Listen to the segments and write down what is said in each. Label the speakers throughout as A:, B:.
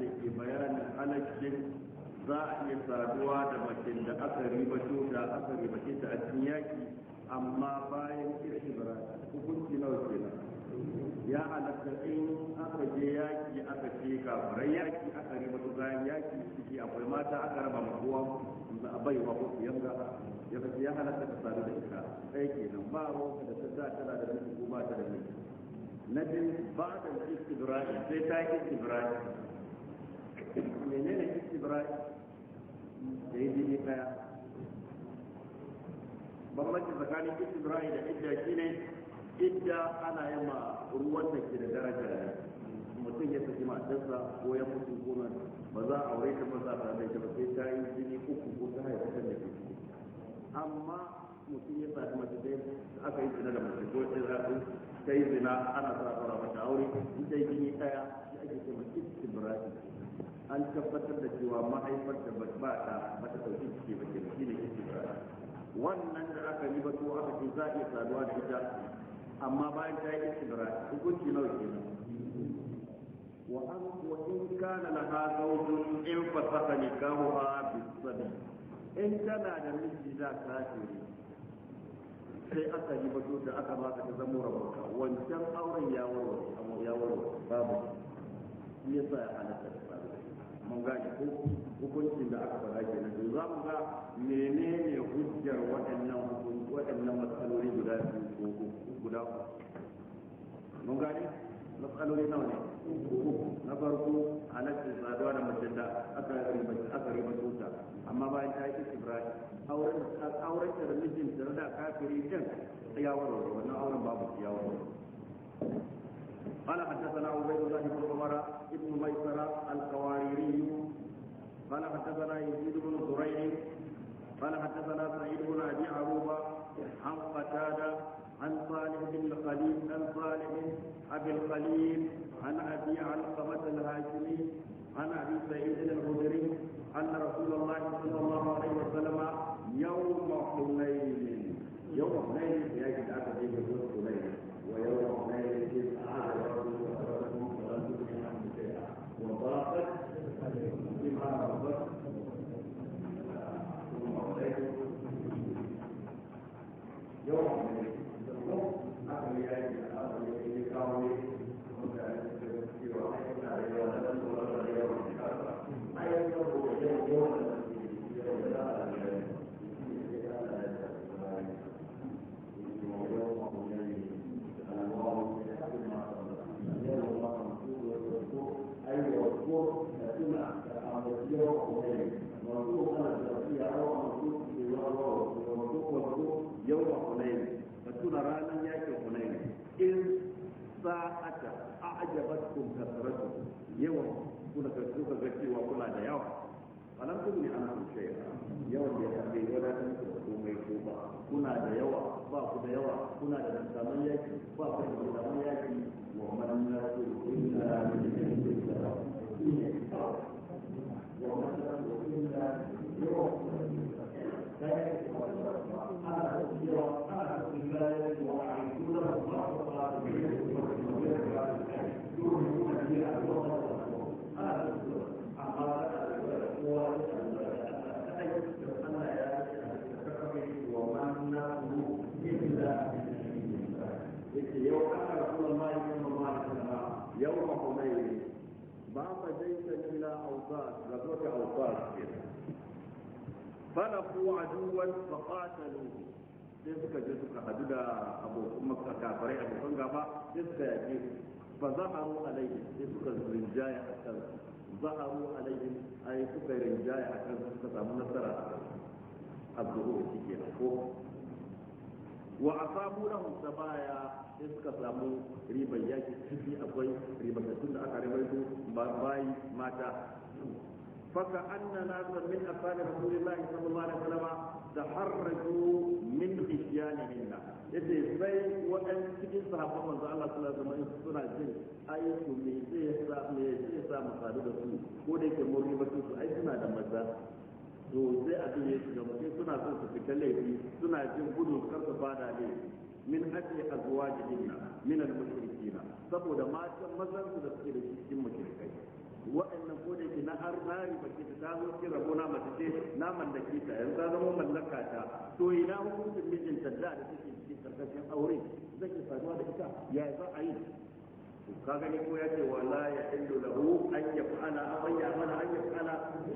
A: da ke bayanin halaccin za a iya saduwa da mace da aka ribato da aka ribace ta a cikin yaki amma bayan bara hukunci nawa na? ya halatta in aka je yaki aka ce kafirai yaki aka ribato bayan yaki ciki akwai mata aka raba ma kowa za a baiwa ko yanga ya kace ya halatta ka sadu da ita sai kenan ba ruwanka da ta za tana da miji ko ba ta da miji na biyu ba da istibra'i sai ta yi istibra'i menene istibra'i da yi jini daya bambanci tsakanin istibra'i da idda shi ne idda ana yi ma ruwan da ke da daraja ne mutum ya tafi matarsa ko ya mutu ko ba za a aure ta ba za a da ita ba sai ta yi jini uku ko ta haifatar da ke amma mutum ya saki mace sai aka yi zina da mace ko ta zaɓi ta yi zina ana sa fara mata aure in ta yi jini ɗaya shi ake ce ma istibra'i an tabbatar da cewa mahaifar da ba ta ba ta dauki ciki ba ke shi ne ciki ba wannan da aka yi bato aka ce za a iya saduwa da ita amma bayan ta yi ba, hukunci nawa kenan wa an wa in kana ha zawjun in kawo nikahuha bisabi in tana da miji za ta ce sai aka yi bato da aka ka ta zama rabuka wancan auren ya warware babu shi yasa ya halatta da mun gane ko hukuncin da aka faɗa kenan to za mu ga menene hujjar waɗannan hukunci waɗannan matsaloli guda biyu ko guda mun gane matsaloli nawa ne na farko halaccin saduwa da macen da aka ribata aka amma bayan ta yi ibrahim auren auren da mijin da kafiri din ya wannan auren babu ya قال حدثنا عبيد الله بن عمر بن ميسرة القواريري قال حدثنا يزيد بن زريع قال حدثنا سعيد بن ابي عروبه عن قتاده عن صالح بن الخليل عن صالح ابي الخليل عن ابي علقمه الهاشمي عن ابي سعيد الخدري ان رسول الله صلى الله عليه وسلم يوم حنين يوم حنين يجد عبد تغني عنهم شيئا يوم يتقي ولا تنسوا komai ko ba kuna da yawa ba ku da yawa kuna da mutanen yaki ba ku da mutanen لقوا عدوا فقاتلوه sai suka je suka hadu da abokan makka kafirai abokan gaba sai suka yaƙe fa zaharu alaihim sai suka rinjaya a kan zaharu alaihim ai suka rinjaya a kan suka samu nasara a kan abduru shike ko wa asabu lahum sabaya sai suka samu riba yaki ciki akwai tun da aka ribaito bayi mata فكأننا من أفعال رسول الله صلى الله عليه وسلم تحرجوا من خشيانهن yace sai waɗansu cikin sahabban manzo Allah sallallahu alaihi wasallam suna jin ai su me sa me zai sa mu da su ko da yake mori ba su ai suna da maza to sai a ya shiga mutum suna son su fita laifi suna jin gudun kar su fada laifi min ajli azwajihinna min al-mushrikina saboda matan mazan su da suke da cikin mushrikai waɗannan ko da ke na har na ribace ta ta zo kin rabo na mace ce na mallaki ta yanzu ta zama mallaka ta to ina hukuncin mijinta da da take cikin karkashin aure zai ke saduwa da ita ya za a yi ka gani ko ya ce wala ya illu lahu an yaf'ala aw an ya'mala an yaf'ala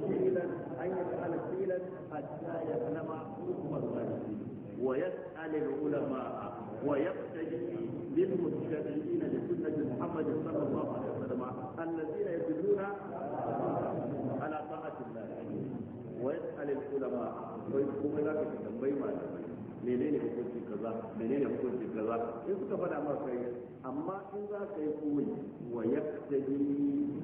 A: filan an yaf'ala filan hatta ya'lama hukm al-ghalib wa yas'al al-ulama wa yaqtadi lil muttabi'ina li sunnati Muhammad sallallahu alaihi wasallam alladhina Ana ta'atillah wa yas'al al-ulama wai kuma za ka tambayi malamai menene hukunci kaza menene hukunci kaza in suka faɗa ma kai amma in za ka yi koyi wa yaktabi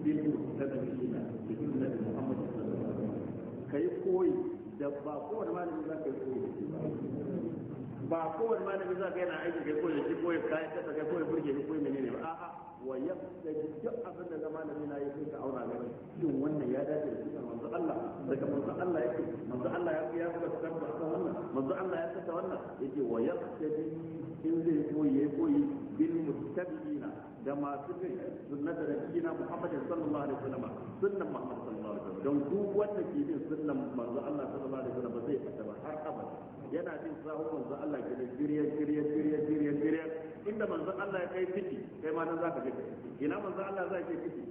A: bil mutabina bi sunnati muhammad sallallahu alaihi wasallam kai koyi da ba kowane malami za ka yi koyi ne ba ba kowane malami za ka yana aiki kai koyi shi koyi kayan kasa kai koyi burge ni koyi menene ba a'a wa ya duk abin da zama da mina ya ka aura ga shin wannan ya dace da sunan manzo Allah daga manzo Allah yake manzo Allah ya ya ga sunan ba wannan manzo Allah ya saka wannan yake wa ya in zai koyi ya koyi bil muttabi'ina da masu bin sunnata da kina Muhammadin sallallahu alaihi wasallam sunnan Muhammad sallallahu alaihi wasallam don duk wanda ke bin sunnan manzo Allah sallallahu alaihi wasallam zai fata har abada yana bin sahun manzo Allah ke da shirye shirye shirye shirye shirye inda manzon Allah ya kai fiti kai ma nan zaka je ina manzon Allah zai kai fiti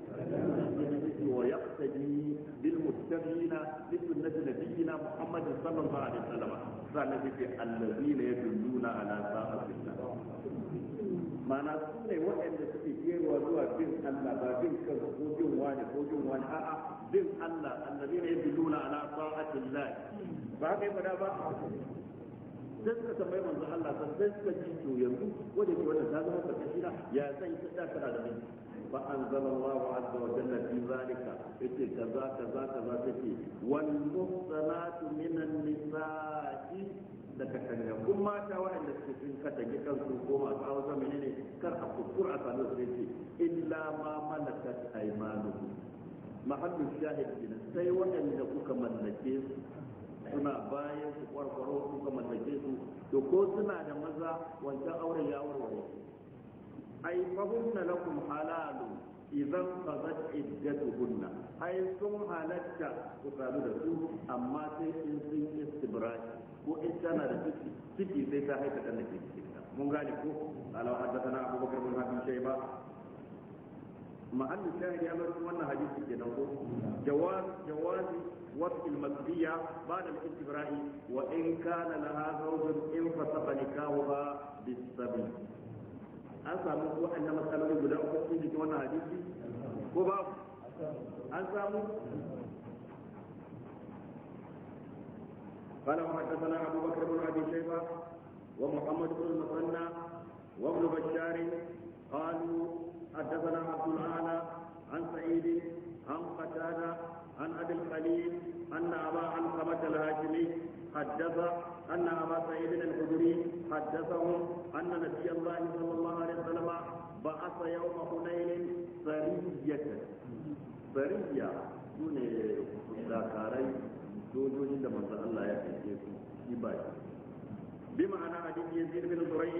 A: wa yaqtadi bil muttaqina bi sunnati Muhammad sallallahu alaihi wasallam sannan yake allazina ala sa'atillah ma'ana su ne waɗanda suke kewa zuwa bin Allah ba bin kansu ko bin wani ko bin wani a'a bin Allah allazina yadulluna ala sa'atillah ba kai ba sai suka tambayi manzo Allah sai suka ji to yanzu wanda ke wannan ta zama karkashi na ya sai ta da tana da miji fa anzalallahu azza wa jalla fi zalika yace kaza kaza kaza take wal muhsanatu minan nisa'i da katanga kun mata waɗanda suke sun katange kansu ko masu hawa zamani ne kar a kuskura a sami su yace illa ma malakat aymanukum mahallu shahid sai waɗanda kuka mallake su suna bayan su kwarkwaro su ka mallake su to ko suna da maza wancan auren ya warware ai fahunna lakum halalu idan qadat iddatuhunna ai sun halatta ku sadu da su amma sai in sun istibrai ko in tana da ciki ciki sai ta haifa da nake cikinta mun gane ko alaw Abu abubakar bin hakim shayba mahallin shahidi ya bar wannan hadisi kenan ko jawaz jawazi وفق المسبية بعد الاستبراء وإن كان لها زوج انفسق نكاحها بالسبي an samu ko an matsaloli guda uku cikin jikin wannan hadisi ko ba an samu قال وحدثنا ابو بكر بن ابي شيبه ومحمد بن المثنى وابن بشار قالوا حدثنا عبد الاعلى عن سعيد عن قتاده عن أبي الخليل أن أبا علقمة الهاشمي حدث أن أبا سعيد الحجري حدثهم أن نبي الله صلى الله عليه وسلم بعث يوم حنين سرية سرية دون ذكرين دون da manzo Allah ya kace su ibadi بمعنى حديث يزيد بن زريع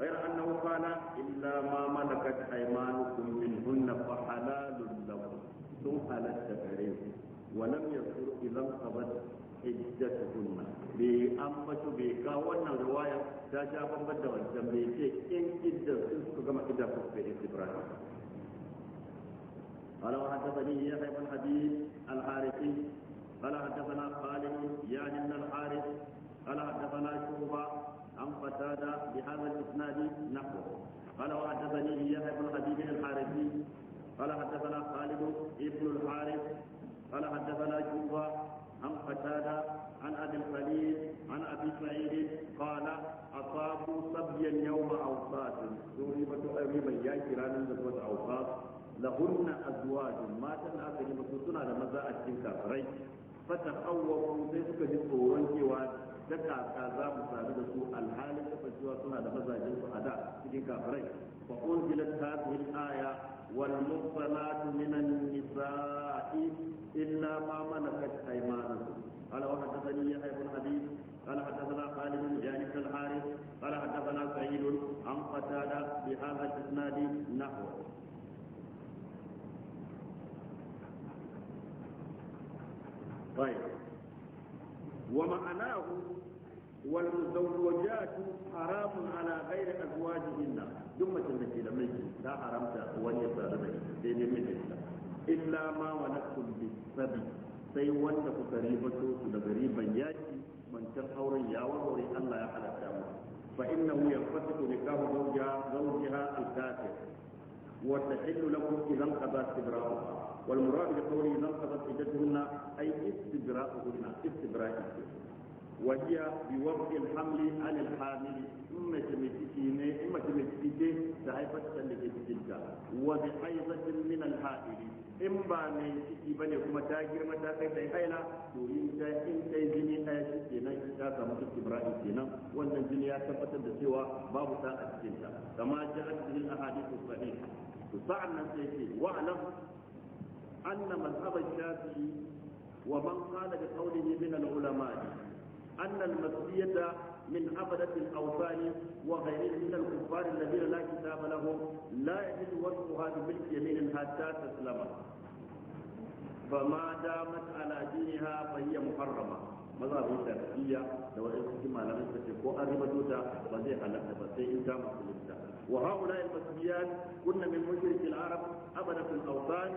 A: غير أنه قال إلا ما ملكت أيمانكم منهن فحلال لكم ثم حلت تبريكم ولم يذكر إذا انقضت حجتهن بأمة بيكا وأن الرواية تاجا وجم بي تي إن إدى سنسك كما إدى في إبراهيم قال وحدثني يحيى بن حبيب الحارثي قال حدثنا خالد يعني من الحارث قال حدثنا شعبة عن قتادة بهذا الإسناد نحوه قال وحدثني يحيى بن حبيب الحارثي قال حدثنا خالد ابن الحارث قال حدثنا جوبا عن قتادة عن أبي الخليل عن أبي سعيد قال أصابوا صبيا يوم أوصاد ضربت أريبا يا كرانا نزوة أوصاد لهن أزواج ما تنأكل مكتنا لمزا أجل كافرين فتخوفوا سيسك بالصوران كيوان دكا كذا مساعدة سوء الحال فسوى سنة لمزا أجل فأداء سجن فأنزلت هذه الآية والمحصنات من النساء إلا ما ملكت أيمانكم قال وحدثني يحيى بن حبيب قال حدثنا خالد بن جانب الحارث قال حدثنا سعيد عن قتادة بهذا الإسناد نحوه طيب ومعناه والمزوجات حرام على غير أزواجهن duk macen da ke da miji ta haramta wani ya sadu da ita sai dai mijinta illa ma wa nakum bisabi sai wanda kuka ribato su daga riban yaki mancan auren ya warware Allah ya halatta mu fa innahu yanfasiku nikahu zawjiha zawjiha al-kafir wa tahillu lakum idan qada istibra'uha والمراد بقوله إذا انقضت عدتهن أي استبراءهن استبراء وهي بوضع الحمل على الحامل da تمتكيني إما تمتكيني تهيفة لكي تلك وبحيضة من الحائل in ba mai ciki ba ne kuma ta girma ta kai tai haila to in ta in ta jini ɗaya shi kenan ta samu ciki ibrahim kenan wannan jini ya tabbatar da cewa babu ta a cikin ta kama ji a cikin ahadithu sahiha to sa'an nan sai ce wa alam anna mazhab shafi'i wa man qala bi qawlihi min al-ulama' أن المسية من عبدة الأوثان وغيرهم من الكفار الذين لا كتاب لهم لا يجد وصفها بملك يمين حتى تسلم فما دامت على دينها فهي محرمة mazhabin shafi'iyya da waɗansu cikin malamai suka ce ko an riba dota ba zai halatta ba sai in ta musulunta wa haula al-masbiyat kunna min mushrik al-arab abada fil awtan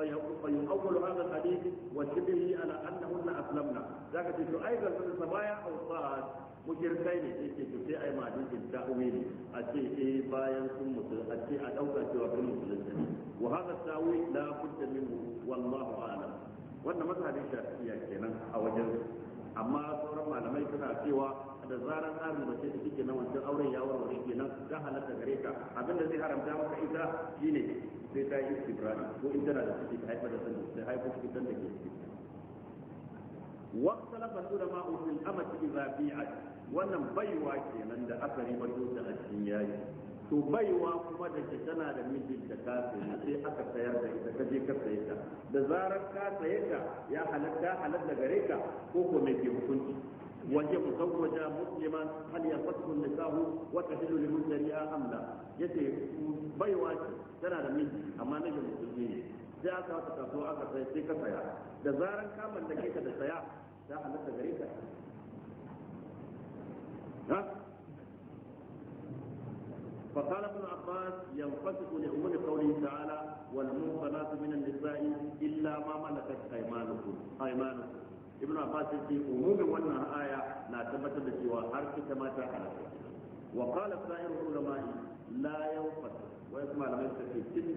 A: فيؤول هذا الحديث وشبهه على انهن اسلمنا ذاك تقول ايضا في السبايا او الصاد مشركين yake to sai ai majin ta'wili a ce eh bayan sun mutu a ce a dauka cewa sun musulunta wa hada ta'wil la budda minhu wallahu a'lam wannan mazhabin shafi'iyya kenan a wajen amma sauran malamai suna cewa da zaran an mace ta kike nan wancan auren ya warware kenan ta halatta gare ka abin da zai haramta maka ita shine sai ta yi istibrani ko in tana da ciki ta haifar da sanin da haifar da dan da ke ciki واختلف العلماء في الأمة إذا بيعت wannan baiwa kenan da aka riba ta a cikin yayi to baiwa kuma da ke tana da mijin da ka sai aka sayar da ita ka je ka saye ta da zarar ka saye ta ya halatta halatta gare ka ko ko me ke hukunci wajen zawwaja muslima hal ya fasu nisahu wa tahillu li mujri amla yace baiwa tana da miji amma na ga mutunci ne sai aka wata kaso aka sai sai ka saya da zarar ka mallake ka da saya za a nata gare ka ha فقال ابن عباس ينفسخ لأمور قوله تعالى والمنصنات من النساء إلا ما ملكت أيمانكم أيمانكم ibn abbas yake umumin wannan aya na tabbatar da cewa har ita ma ta halaka wa qala sa'ir ulama la yanfas wai kuma malamai suka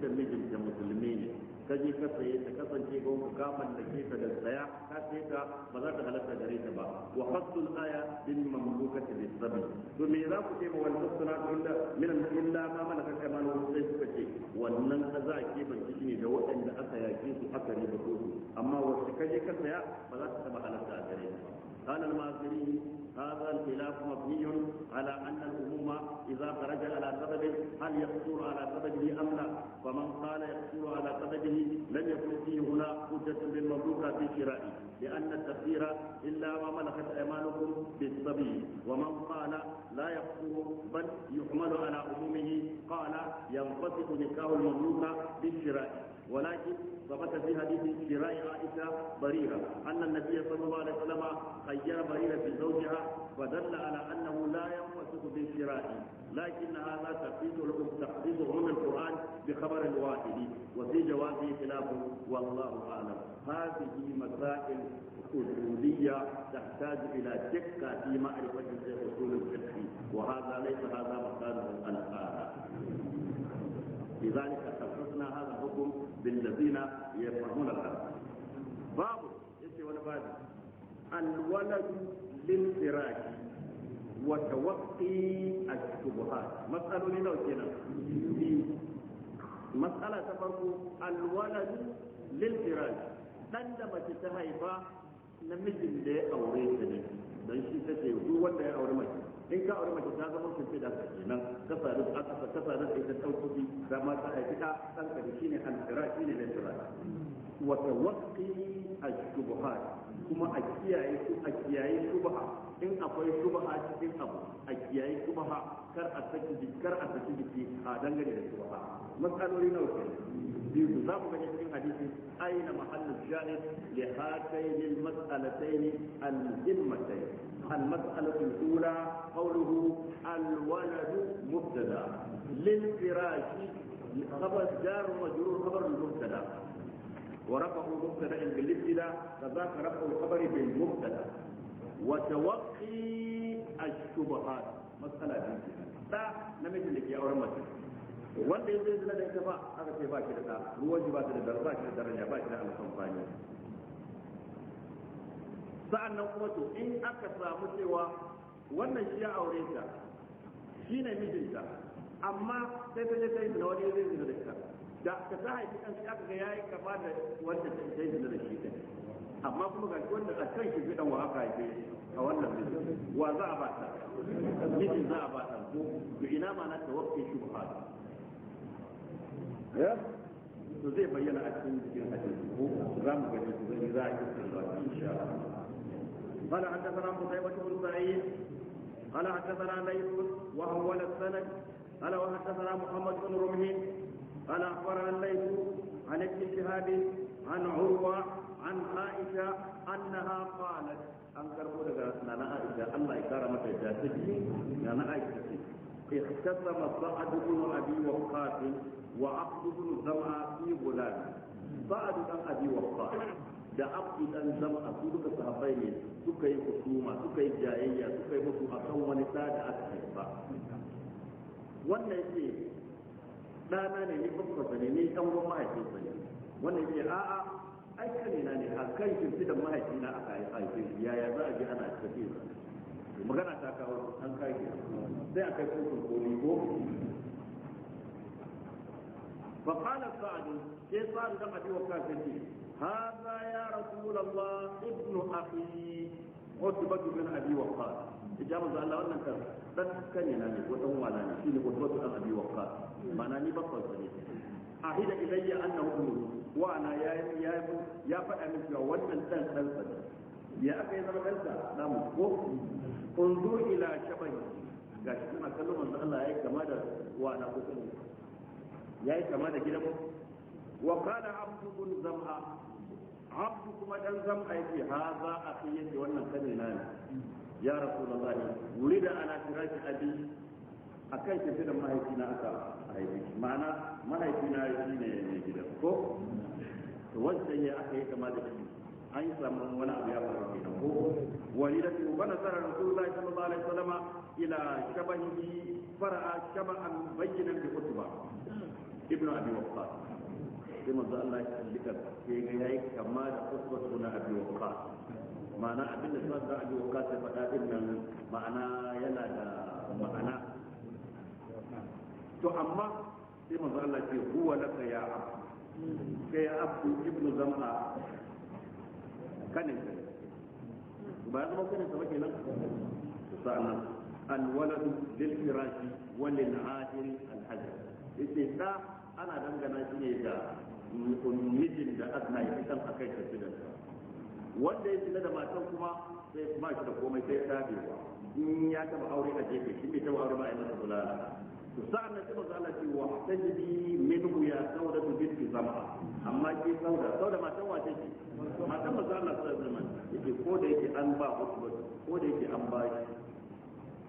A: ce mijin da musulmi ne ka je ka saye ta kasance ka kaman da ke ta da saya ka sai ta ba za ta halatta gare ta ba wa qasul aya bin mamlukati bis sabi to me za ku ce ma wal musnad illa min al illa ma kai kamanu sai suka ce wannan za ke ban kici ne da waɗanda aka yake su aka riba ko su amma wacce ka je ka saya ba za ta taba halatta a gare ka قال المازري هذا الخلاف مبني على أن الأمومة إذا خرج على سبب هل يقصر على سببه أم لا فمن قال يقصر على سببه لم يكن فيه هنا حجة للمملوكة في شرائه لأن التقدير إلا ما ملكت أيمانكم بالصبي ومن قال لا يقصر بل يحمل على عمومه قال ينفسخ نكاح المملوك بالشراء ولكن ثبت في حديث شراء عائشة بريرة أن النبي صلى الله عليه وسلم خير بريرة في زوجها فدل على أنه لا ينفسخ بالشراء لكن هذا تفسير تخصيصه من القرآن بخبر واحد وفي جوابه خلاف والله أعلم هذه مسائل أصولية تحتاج إلى دقة في معرفة أصول الفقه وهذا ليس هذا مكانه الآن لذلك خصصنا هذا الحكم بالذين يفهمون الحق باب الولد للفراش وتوقي الشبهات al-shubuhat mas'aloli nawa kenan mas'ala ta farko al-walad lil firaj dan da mace ta haifa ta duk wanda ya aure mace in ka aure mace ta zama shirfe da ka nan ka sadu aka ka sadu sai ta dauki da ma ta aiki ta dan ka shine al-firaj ne lil firaj wa tawaqqi al-shubuhat kuma a kiyaye su a kiyaye shubha in akwai shubha cikin abu a kiyaye shubha kar a saki jiki kar a saki jiki a dangane da shubha matsaloli na wuce biyu za mu gani cikin hadisi aina mahallin shahid li hatayn al mas'alatayn al himmatayn al mas'alatu al ula qawluhu al waladu mubtada lil firashi خبر جار ومجرور خبر المبتدا ورفعوا مبتدا بالابتداء فذاك رفع الخبر بالمبتدا وتوقي الشبهات مساله دي دا نمجي لك يا أورمتي wanda ya zai zina da ita ba aka ce ba shi da ta ruwan shi ba shi da ba shi da daraja ba shi da sa'annan kuma to in aka samu cewa wannan shi ya aure ta shi ne mijinta amma sai ta je ta yi wani ya zai da ita da ka sa haifi ɗan sai aka ga yayi kama da wanda sai da shi ɗin amma kuma ga wanda a kan shi fiɗan wa aka haife a wannan bisu wa za a ba ta mijin za a ba ta ko to ina ma na tawaffi shi ba ya to zai bayyana a cikin cikin hadisi ko za mu gani su gani za a yi sun zuwa insha Allah قال حدثنا قتيبة بن سعيد قال حدثنا ليث وهو السند قال وحدثنا محمد بن رمح قال أخبرنا الليث عن ابن شهاب عن عروة عن عائشة أنها قالت أن kar'a mata عائشة الله يكرمك الجاسدي نانا عائشة اختصم سعد بن أبي وقاص وعبد بن زمعة في غلام سعد بن أبي وقاص da abdu dan zama su duka sahabbai ne suka yi kusuma suka yi jayayya suka yi a akan wani sada aka ba wannan ce. dana ne ni bukko ne ni dan gon mahaifi ne wanda yake a a ai kare na ne har kai ki fitan na aka yi aiki ya ya za a ji ana tafi magana ta kawo an kai ki sai aka yi kun koli ko fa qala sa'd ke sa'd da kadi wa kafiti hadha ya rasulullah ibnu akhi utbatu min abi wa qala ya manzo Allah wannan kan dan kan ne ko dan wala ne shine ko to dan abi wakka mana ni bakon sa ne ahida ilayya annahu umru wa ana ya ya ya faɗa min cewa wannan dan dan sa ne ya aka yi zama dan sa namu ko unzur ila shabai gashi kuma kallon manzo Allah yayi kama da wa na ko kuma yayi kama da gidan wa qala abdu bin zam'a abdu kuma dan zam'a yake haza akhi yake wannan kanina ne ya rasu da rasulullah wulida ala firashi a kan tafi da mahaifina aka haifi ma'ana mahaifina shi ne mai gida ko wancan ya aka yi kama da shi an yi samun wani abu ya faru ke ko wani da su bana tsara rasulullahi sallallahu alaihi wasallam ila shabahi fara'a shaba'an bayyinan bi kutuba ibnu abi waqqas sai manzo Allah ya tsallika sai ga yayi kama da kutuba suna abi wakka ma'ana abin da suna da abubuwa sai faɗa ɗin nan ma'ana yana da ma'ana to amma sai manzo Allah ce huwa laka ya abu ke ya abu ibnu zam'a kanin ba ya zama kanin sama kenan sa'an alwaladu lil firashi lil athiri al hajar yace da ana dangana shi ne da mijin da aka yi kan akai tafi da wanda ya tuna da matan kuma sai kuma shi da komai sai ya tabe in ya taba aure a jefe shi bai taba aure ba a yi su, bulala to sa'an nan sai wa Allah ce wa tajibi minhu ya sauda binti zama amma ke sauda sauda matan wa ce matan manzo Allah sallallahu zama yake ko da yake an ba hutu ko da yake an ba shi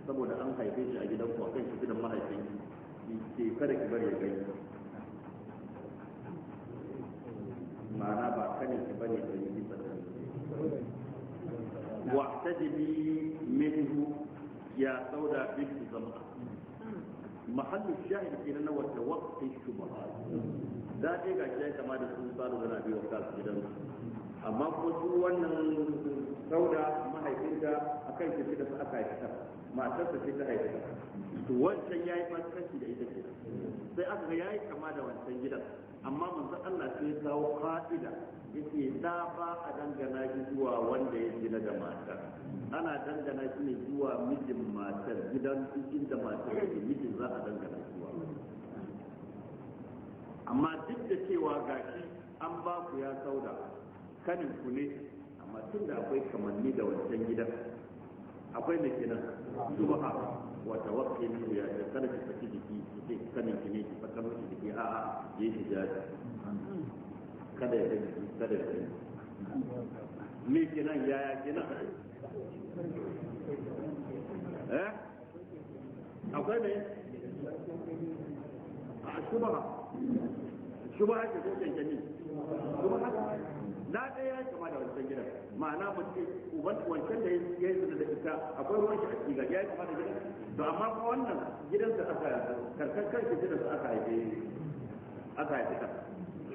A: saboda an haife shi a gidan ku kan shi gidan mahaifin ke kada ki bari ya gani ma'ana ba kane ki bari ya gani واحتجبي منه يا سودا بنت زمرة محل الشاهد في أنه وقت الشبهات ذاتي قد أشياء كما دخل صالح بن أبي وقاص جدا أما قلت أن سودا ما هي كنت أكيد كده فأكيد كده ما أكيد كده هي كده سوال ya ما fasikanci da ita kenan sai كما ga ya أما من da الله gidan amma yake da ba a dangana shi zuwa wanda ya gina da matar ana dangana shi ne zuwa mijin matar gidan da matar yake mijin za a dangana zuwa amma duk da cewa shi an ba ku ya sauda kanin ku ne amma tun da akwai kamanni da wancan gidan akwai mai zuwa a wata wakilin ya kada ki saki jiki ki kanin ki ne ki saka miki jiki a'a yayi hijabi kada ya rage kada ya rage me kenan yaya kenan eh akwai ne a shuba shuba ake ko kankani shubaha na ɗaya ya kama da wancan gidan ma'ana mace wancan da ya yi da ita akwai ruwan shi a cikin ya yi kama da gidan to amma kuma wannan gidan da aka karkar kan gidan da aka haife aka haife ta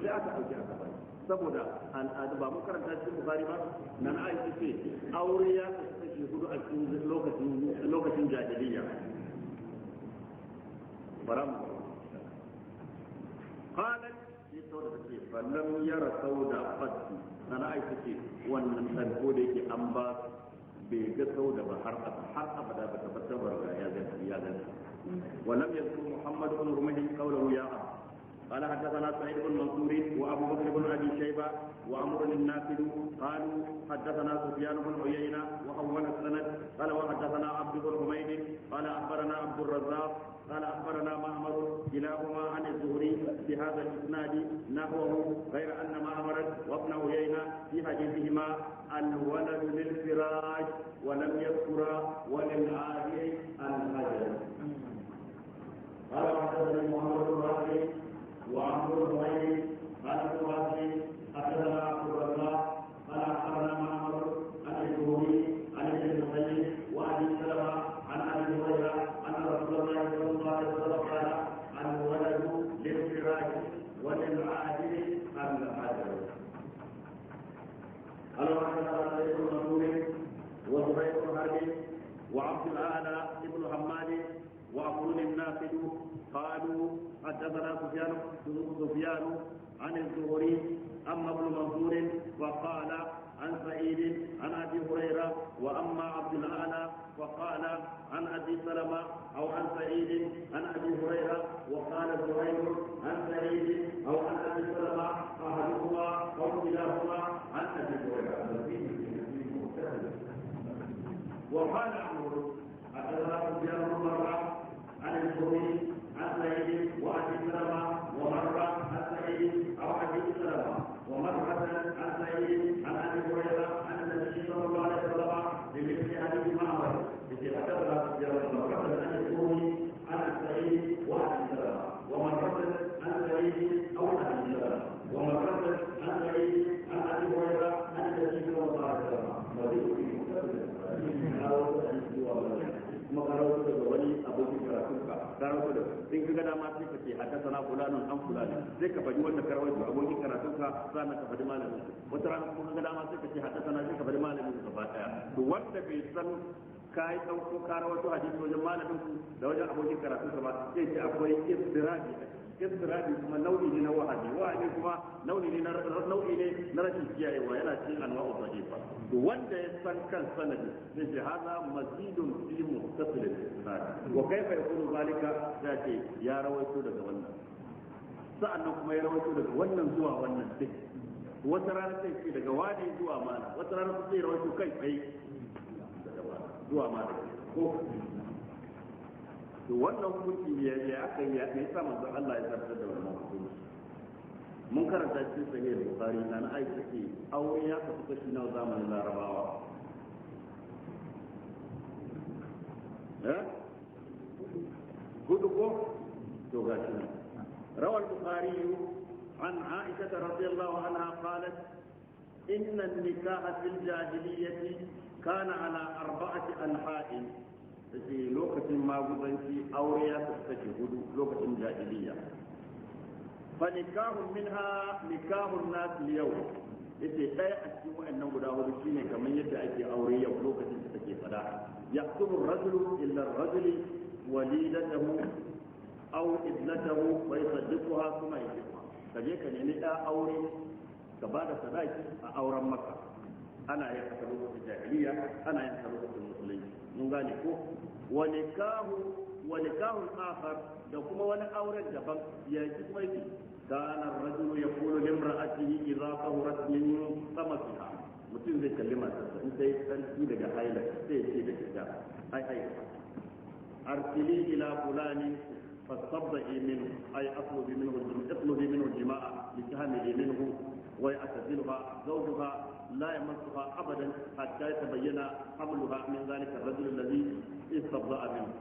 A: sai aka a aka saboda al'adu ba mun karanta cikin bukari ba nan aisha ce aure ya kashe hudu a cikin lokacin lokacin jahiliya baram qalat sai sauda ce ballam yara sauda fatti nan aisha ce wannan sarko da yake an ba bai ga sauda ba har har abada ba tabbatar ya ga ya ga ولم يذكر محمد بن رمح قوله يا أبا قال حدثنا سعيد بن منصور وابو بكر بن ابي شيبه وعمر النافذ قالوا حدثنا سفيان بن عيينه واول السند قال وحدثنا عبد بن حميد قال اخبرنا عبد الرزاق قال اخبرنا معمر كلاهما عن الزهري بهذا الاسناد نحوه غير ان معمر وابن عيينه في حديثهما الولد للفراج ولم يذكر وللعاري الحجر قال وحدثنا محمد بن وعمر بن قال ابن حدثنا سفيان سفيان عن الزهري أما ابن منصور فقال عن سعيد عن أبي هريرة وأما عبد الأعلى فقال عن أبي سلمة أو عن سعيد عن أبي هريرة وقال زهير عن سعيد أو عن أبي سلمة أحدهما أو كلاهما عن أبي هريرة وقال عمرو حدثنا سفيان بن عن الزهري عليه وعن kula da sai ka faɗi wanda karawai da abokin karatun ka sannan ka faɗi malamin wata rana kuma ga dama sai ka ce haddasa na sai ka faɗi malamin gaba daya to wanda bai san ka yi ɗauko kara wasu hadisi wajen malamin ku da wajen abokin karatun ka ba sai ce akwai istirabi istirabi kuma nau'i ne na wahadi wahadi kuma nau'i ne na nau'i ne na rashin kiyayewa yana cikin anwa'u sahifa to wanda ya san kan sanadi sai ce hada mazidun fi muttasil isnad wa kaifa yakunu zalika sai ce ya rawaito daga wannan sa'annan kuma ya rawaito daga wannan zuwa wannan sai wata rana sai ce daga wani zuwa mana wata rana sai ya rawaito kai tsaye zuwa mana ko to wannan hukunci ya ya aka yi ya ne sa manzo Allah ya tabbatar da wannan hukunci mun karanta cikin sahih bukhari na ai take aure ya ka kashi na zamanin Larabawa eh hudu ko to ga shi روى البخاري عن عائشة رضي الله عنها قالت إن النكاح في الجاهلية كان على أربعة أنحاء في لوكة ما في أوريا تستجهد لوكة جاهلية فنكاح منها نكاح الناس اليوم yace لا a أنه wayannan guda hudu يدعي في yadda ake تستجهد yau الرجل إلا الرجل وليدته au izlatahu wa yusaddiquha kuma yusaddiquha kaje ka nemi da aure ka ba da sadaki a auren maka ana yin haka lokacin jahiliya ana yin haka lokacin musulunci mun gane ko wa nikahu wa nikahu akhar da kuma wani auren daban ya ji kuma yi kana rajulu yaqulu limra'atihi idza tahurat min samatiha mutum zai kalli matarsa in sai tsarki daga haila sai ya ce da ita ai ai arsili ila fulani فاستبدئي منه اي اطلبي منه اطلبي منه الجماع لتهملي منه ويعتزلها زوجها لا يمسها ابدا حتى يتبين حملها من ذلك الرجل الذي استبدأ منه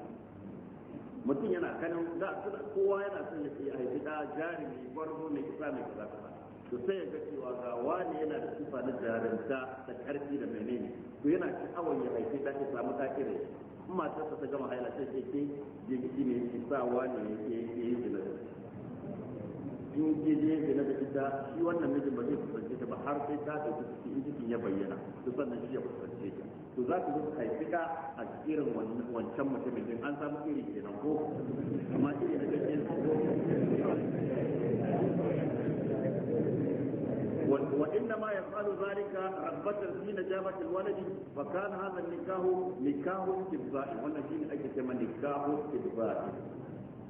A: mutum yana ganin da kowa yana son ya haifi da jarumi gwarzo mai kisa mai kaza to sai ya ga cewa ga wani yana da sifa na jarumta da karfi da menene to yana awon ya haifi da ya samu da irin matarsa ta gama haila sai ce ke jirgi ne ke sawa ne ke yi zina da in ke je zina da ita shi wannan mijin ba zai kusance ta ba har sai ta ɗauki ciki in cikin ya bayyana to sannan shi ya kusance ta to za ku zo haifi ka a irin wancan mutumin an samu iri kenan ko amma iri na gaske وإنما يفعل ذلك رغبة في نجابة الولد فكان هذا النكاح نكاح استباء والذين أجل كما نكاح استباء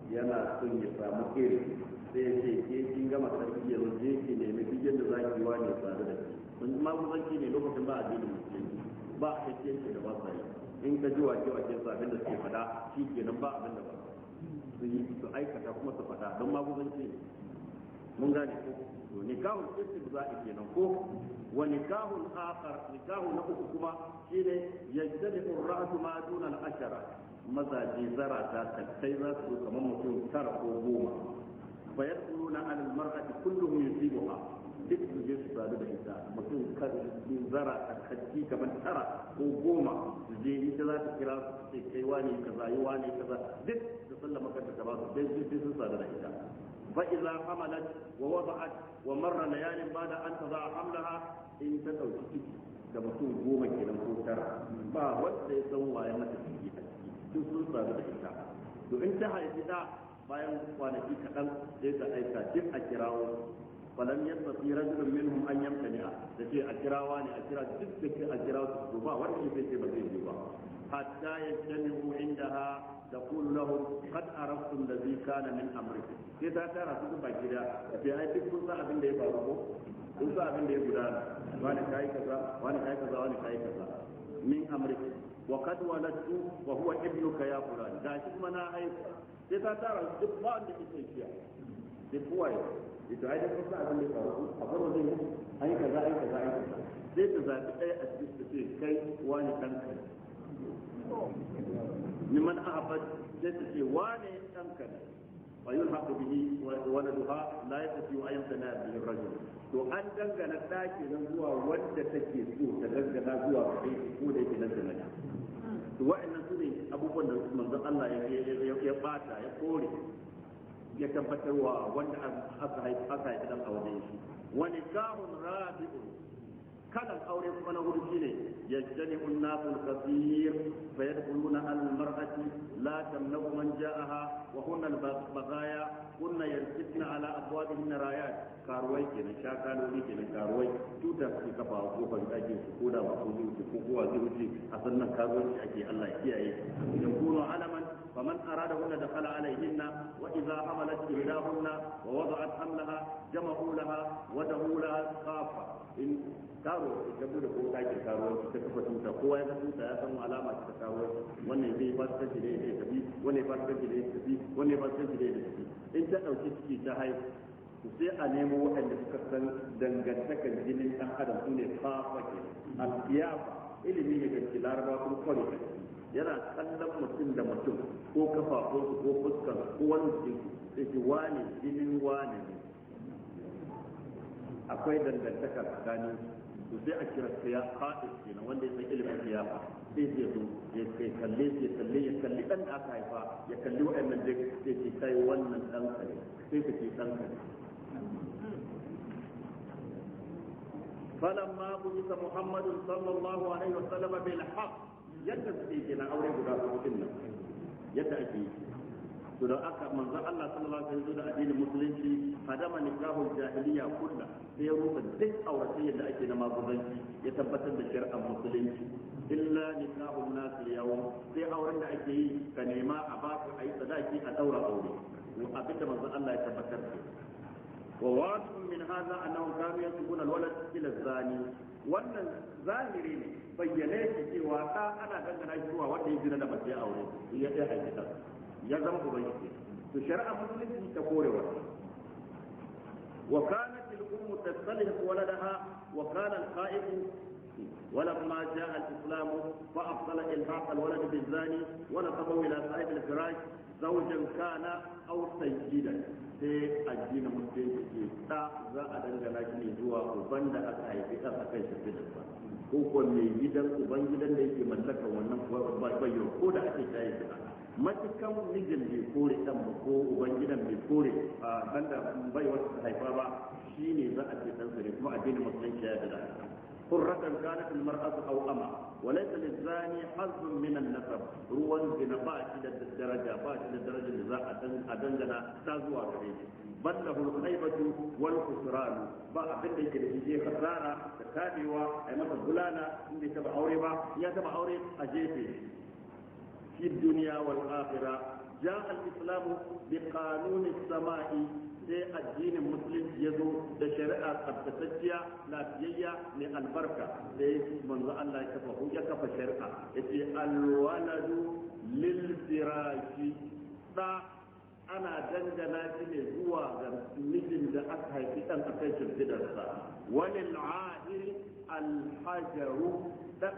A: yana son ya samu iri sai ya ce ke kin gama sarki yanzu je ki nemi duk yadda za ki wani tsare da ki kun ma kusanci ne lokacin ba addinin musulunci ba a kake shi da ba in ka ji wake wake sa fada shi ba ba su yi su aikata kuma su don ma ne mun gane to nikahul istibza'i kenan ko wa nikahu akhar nikahu na uku kuma shine yajtadi ar-ra'su ma duna al-ashara mazaje zarata kai za su kamar mutum tara ko goma fa yadkhuluna ala al-mar'ati kulluhum yusibuha duk su je su sadu da ita mutum kar zara a kanti kamar tara ko goma su je ita za ta kira su ce kai wani kaza yi wani kaza duk da sallama kanta ta ba su sai sun sadu da ita فإذا حملت ووضعت ومر ليال بعد أن تضع حملها إن تتوجد da mutum goma ke nan ko tara ba wanda ya san waye mata ciki a ciki sun sadu da ita to in ta haifi da bayan kwanaki kaɗan sai ta aika duk a kirawo falam yastati rajulun minhum an yamtani'a da ce a kirawa ne a kira duk da ke a kirawo to ba wanda ya ce ba zai yi ba حتى يجتمعوا عندها تقول لهم قد عرفتم الذي كان من امركم إذا ترى تبقى كده في هاي تكون صعب اللي يبقى kun abin da ya gudana wani kayi kaza wani kayi kaza wani kayi kaza min amrika wa qad waladtu wa huwa ibnuka ya fulan da shi kuma na haifa sai ta tara duk ba wanda ke kiya duk kuwaye ita ai da kusa abin da ya faru abin da zai yi ai kaza ai kaza ai kaza sai ta zabi ɗaya a cikin su kai wani ɗan kai liman ahabbat sai ta ce wane ɗanka ne fa yulhaqu bihi waladuha to an dangana ɗaki nan zuwa take so ta dangana zuwa kai ko da da manzon Allah ya bata ya kore ya tabbatarwa wanda aka haifa aka haifa dan a kalan aure kuma na hudu shine yajtani unnasul kathir fa yadkhuluna al mar'ati la tamnu man ja'aha wa hunna al baghaya kunna yarkitna ala abwabihin rayat karuwai kenan shakaloli kenan karuwai tuta su kafa a kofar ɗakin su ko da ba ko zuci ko kowa zuci a sannan karuwanci ake Allah kiyaye yakunu alaman faman arada hunna dakhala alaihinna wa idza hamalat ihdahunna wa wada'at hamlaha jama'u laha wa dahulaha kafa. in karo ya bude ko ɗakin karuwanci ta kafa tuta kowa ya ga tuta ya san alama ta karuwanci wannan zai fasikanci ne ya tafi wannan fasikanci ne ya tafi wannan fasikanci ne ya tafi in ta dauki ciki ta haihu sai a nemo waɗanda suka san dangantakar jinin ɗan adam su ne fafa ke alkiyafa ilimi ne ga ke laraba kuma kwari yana kallon mutum da mutum ko kafafunsu ko fuskar ko wani jikin sai ki wane jinin wane ne akwai dangantaka tsakanin su sai a kira siya qa'id kenan wanda ya san ilimin siyasa sai ya zo ya kai kalle ya kalle ya kalli dan da aka haifa ya kalli wa'annan da sai ce kai wannan dan kare sai ka ce dan ka ne sallallahu alaihi محمد صلى الله عليه وسلم بالحق يدرس فيه كنا أولي yadda ake yi to da aka manzo Allah sallallahu alaihi wasallam da addinin musulunci hadama nikahul jahiliya kullu sai ya rusa duk auratayyar da ake na magudanci ya tabbatar da shari'ar musulunci illa nikahun nasu yawo sai auren da ake yi ka nema a baka ayi sadaki a daura aure abinda manzo Allah ya tabbatar da وواضح min هذا annahu كانوا ينسبون alwalad ila zani wannan zahiri ne bayyane shi cewa ka ana dangana shi zuwa wanda ya jira da mace aure ya dai haikita ya zama ubangiji to shari'a musulunci ta kore wannan wa kanat al-ummu tastalih waladaha wa kana al-qa'id ولما جاء الإسلام فأبطل إلحاق الولد بالزاني ونسبه إلى صاحب الفراش زوجا كان أو سيدا sai addinin musulunci ke ta za a dangana shi ne zuwa uban da aka haifi ɗan a kai shi da ba ko kuwa mai gidan uban gidan da yake mallaka wannan bayyana ko da ake shayi da matukan mijin bai kore dan ba ko ubangidan bai kore a banda bai wasu haifa ba shine za a ce dan sare kuma addinin musulunci ya da حرة كانت المرأة أو أما وليس للزاني حظ من النسب روان بنا باشد الدرجة باشد الدرجة لذا أدنجنا تازوا غريب بل له الخيبة والخسران بقى بدا يجي خسارة تتابعوا أي مثل فلانا اللي تبع أوري يا تبع أوري أجيبي في الدنيا والآخرة جاء الإسلام بقانون السماء sai addinin musulunci ya zo da shari'a tsabtatacciya lafiyayya mai albarka sai manzo Allah ya kafa ya kafa shari'a yace alwaladu lil firashi da ana dangana shi ne zuwa ga mijin da aka haifi dan akan shimfidarsa walil ahiri alhajaru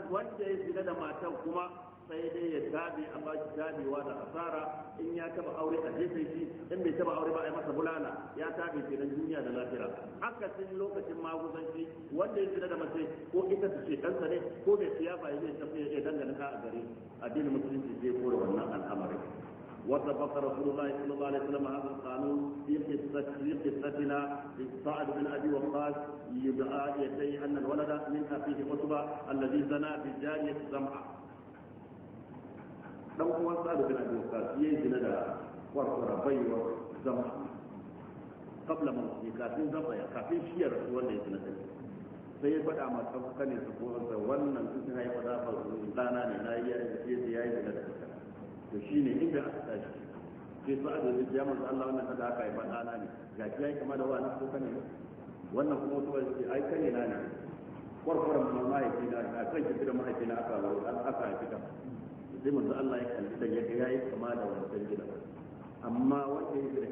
A: wanda ya zina da matan kuma sai dai ya tabi a ba shi tabiwa da asara in ya taba aure a jefe shi in bai taba aure ba a yi masa bulala ya tabi kenan duniya da lafiya haka sun lokacin maguzanci wanda ya tsira da mace ko ita ta ce kansa ne ko bai siya ba zai tafi ya ce dangane ka a gare addinin musulunci zai kore wannan al'amarin وطبق رسول الله صلى الله عليه وسلم هذا القانون في قصة في قصتنا سعد بن ابي وقاص يدعى يدعي ان الولد من اخيه عتبه الذي زنى بجاريه سمعه dan uwan sa'adu bin abi ya yi jina da kwarkwara baiwa zama kabla mun mawuti kafin zama ya kafin shi ya rasu wanda ya zina da sai ya faɗa ma ne su ko da wannan sun ya faɗa ba dana ne na yi yayi yayi zina da to ne, inda aka tashi sai sa'adu ya ji manzo Allah wannan kada aka yi ba dana ne ga shi yi kama da wani ko kanin wannan kuma wasu ce ai kanina ne kwarkwaran mahaifina a kan shi da mahaifina aka aka haifi sai manzo Allah ya kalli da ya yayi kama da wannan gidan amma wanda ya gida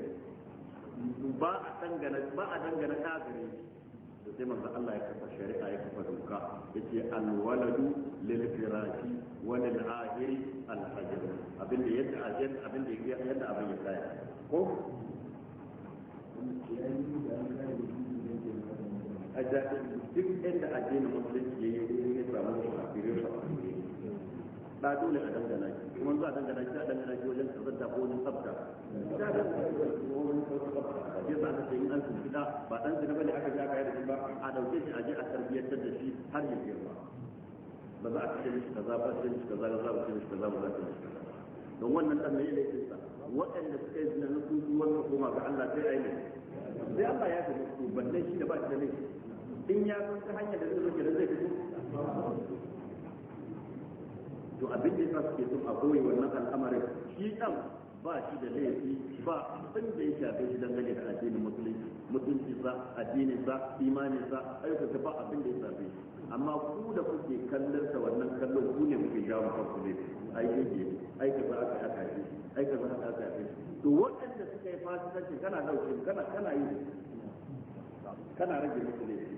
A: ba a dangana ba a dangana kafiri da sai manzo Allah ya kafa shari'a ya kafa doka yace al waladu lil firashi wa lil ahiri al hajr abin da yadda ajin abin da yadda abin ya kai ko a duk inda addinin musulunci ya yi ya samu kafirin sa ba dole a dangana shi kuma za a dangana shi a dangana shi wajen kazanta ko wani tsafta ita da wani tsafta shi yasa aka ce in an ba dan bane aka ja kai da shi ba a dauke shi a je a tarbiyyantar da shi har ya girma ba za a ce mishi kaza ba ce mishi kaza ba ce mishi kaza ba za ce kaza don wannan dan mai laifin sa waɗanda suka yi zina na tutu wannan koma ga Allah sai yi ne sai Allah ya tafi su balle shi da ba shi da laifi in ya san hanyar da zai zo kenan zai fito to abin da yasa suke son a koyi wannan al'amarin shi kan ba shi da laifi ba sun da ya shafe shi dangane da addinin musulunci mutunci sa addinin sa imanin sa aikata ba abin da ya shafe shi amma ku da kuke kallon sa wannan kallon ku ne kuke jawo kanku ne ai ke ai kaza aka aka shi ai kaza aka aka shi to waɗanda suka yi fasikanci kana dauke kana kana yi kana rage musulunci. laifi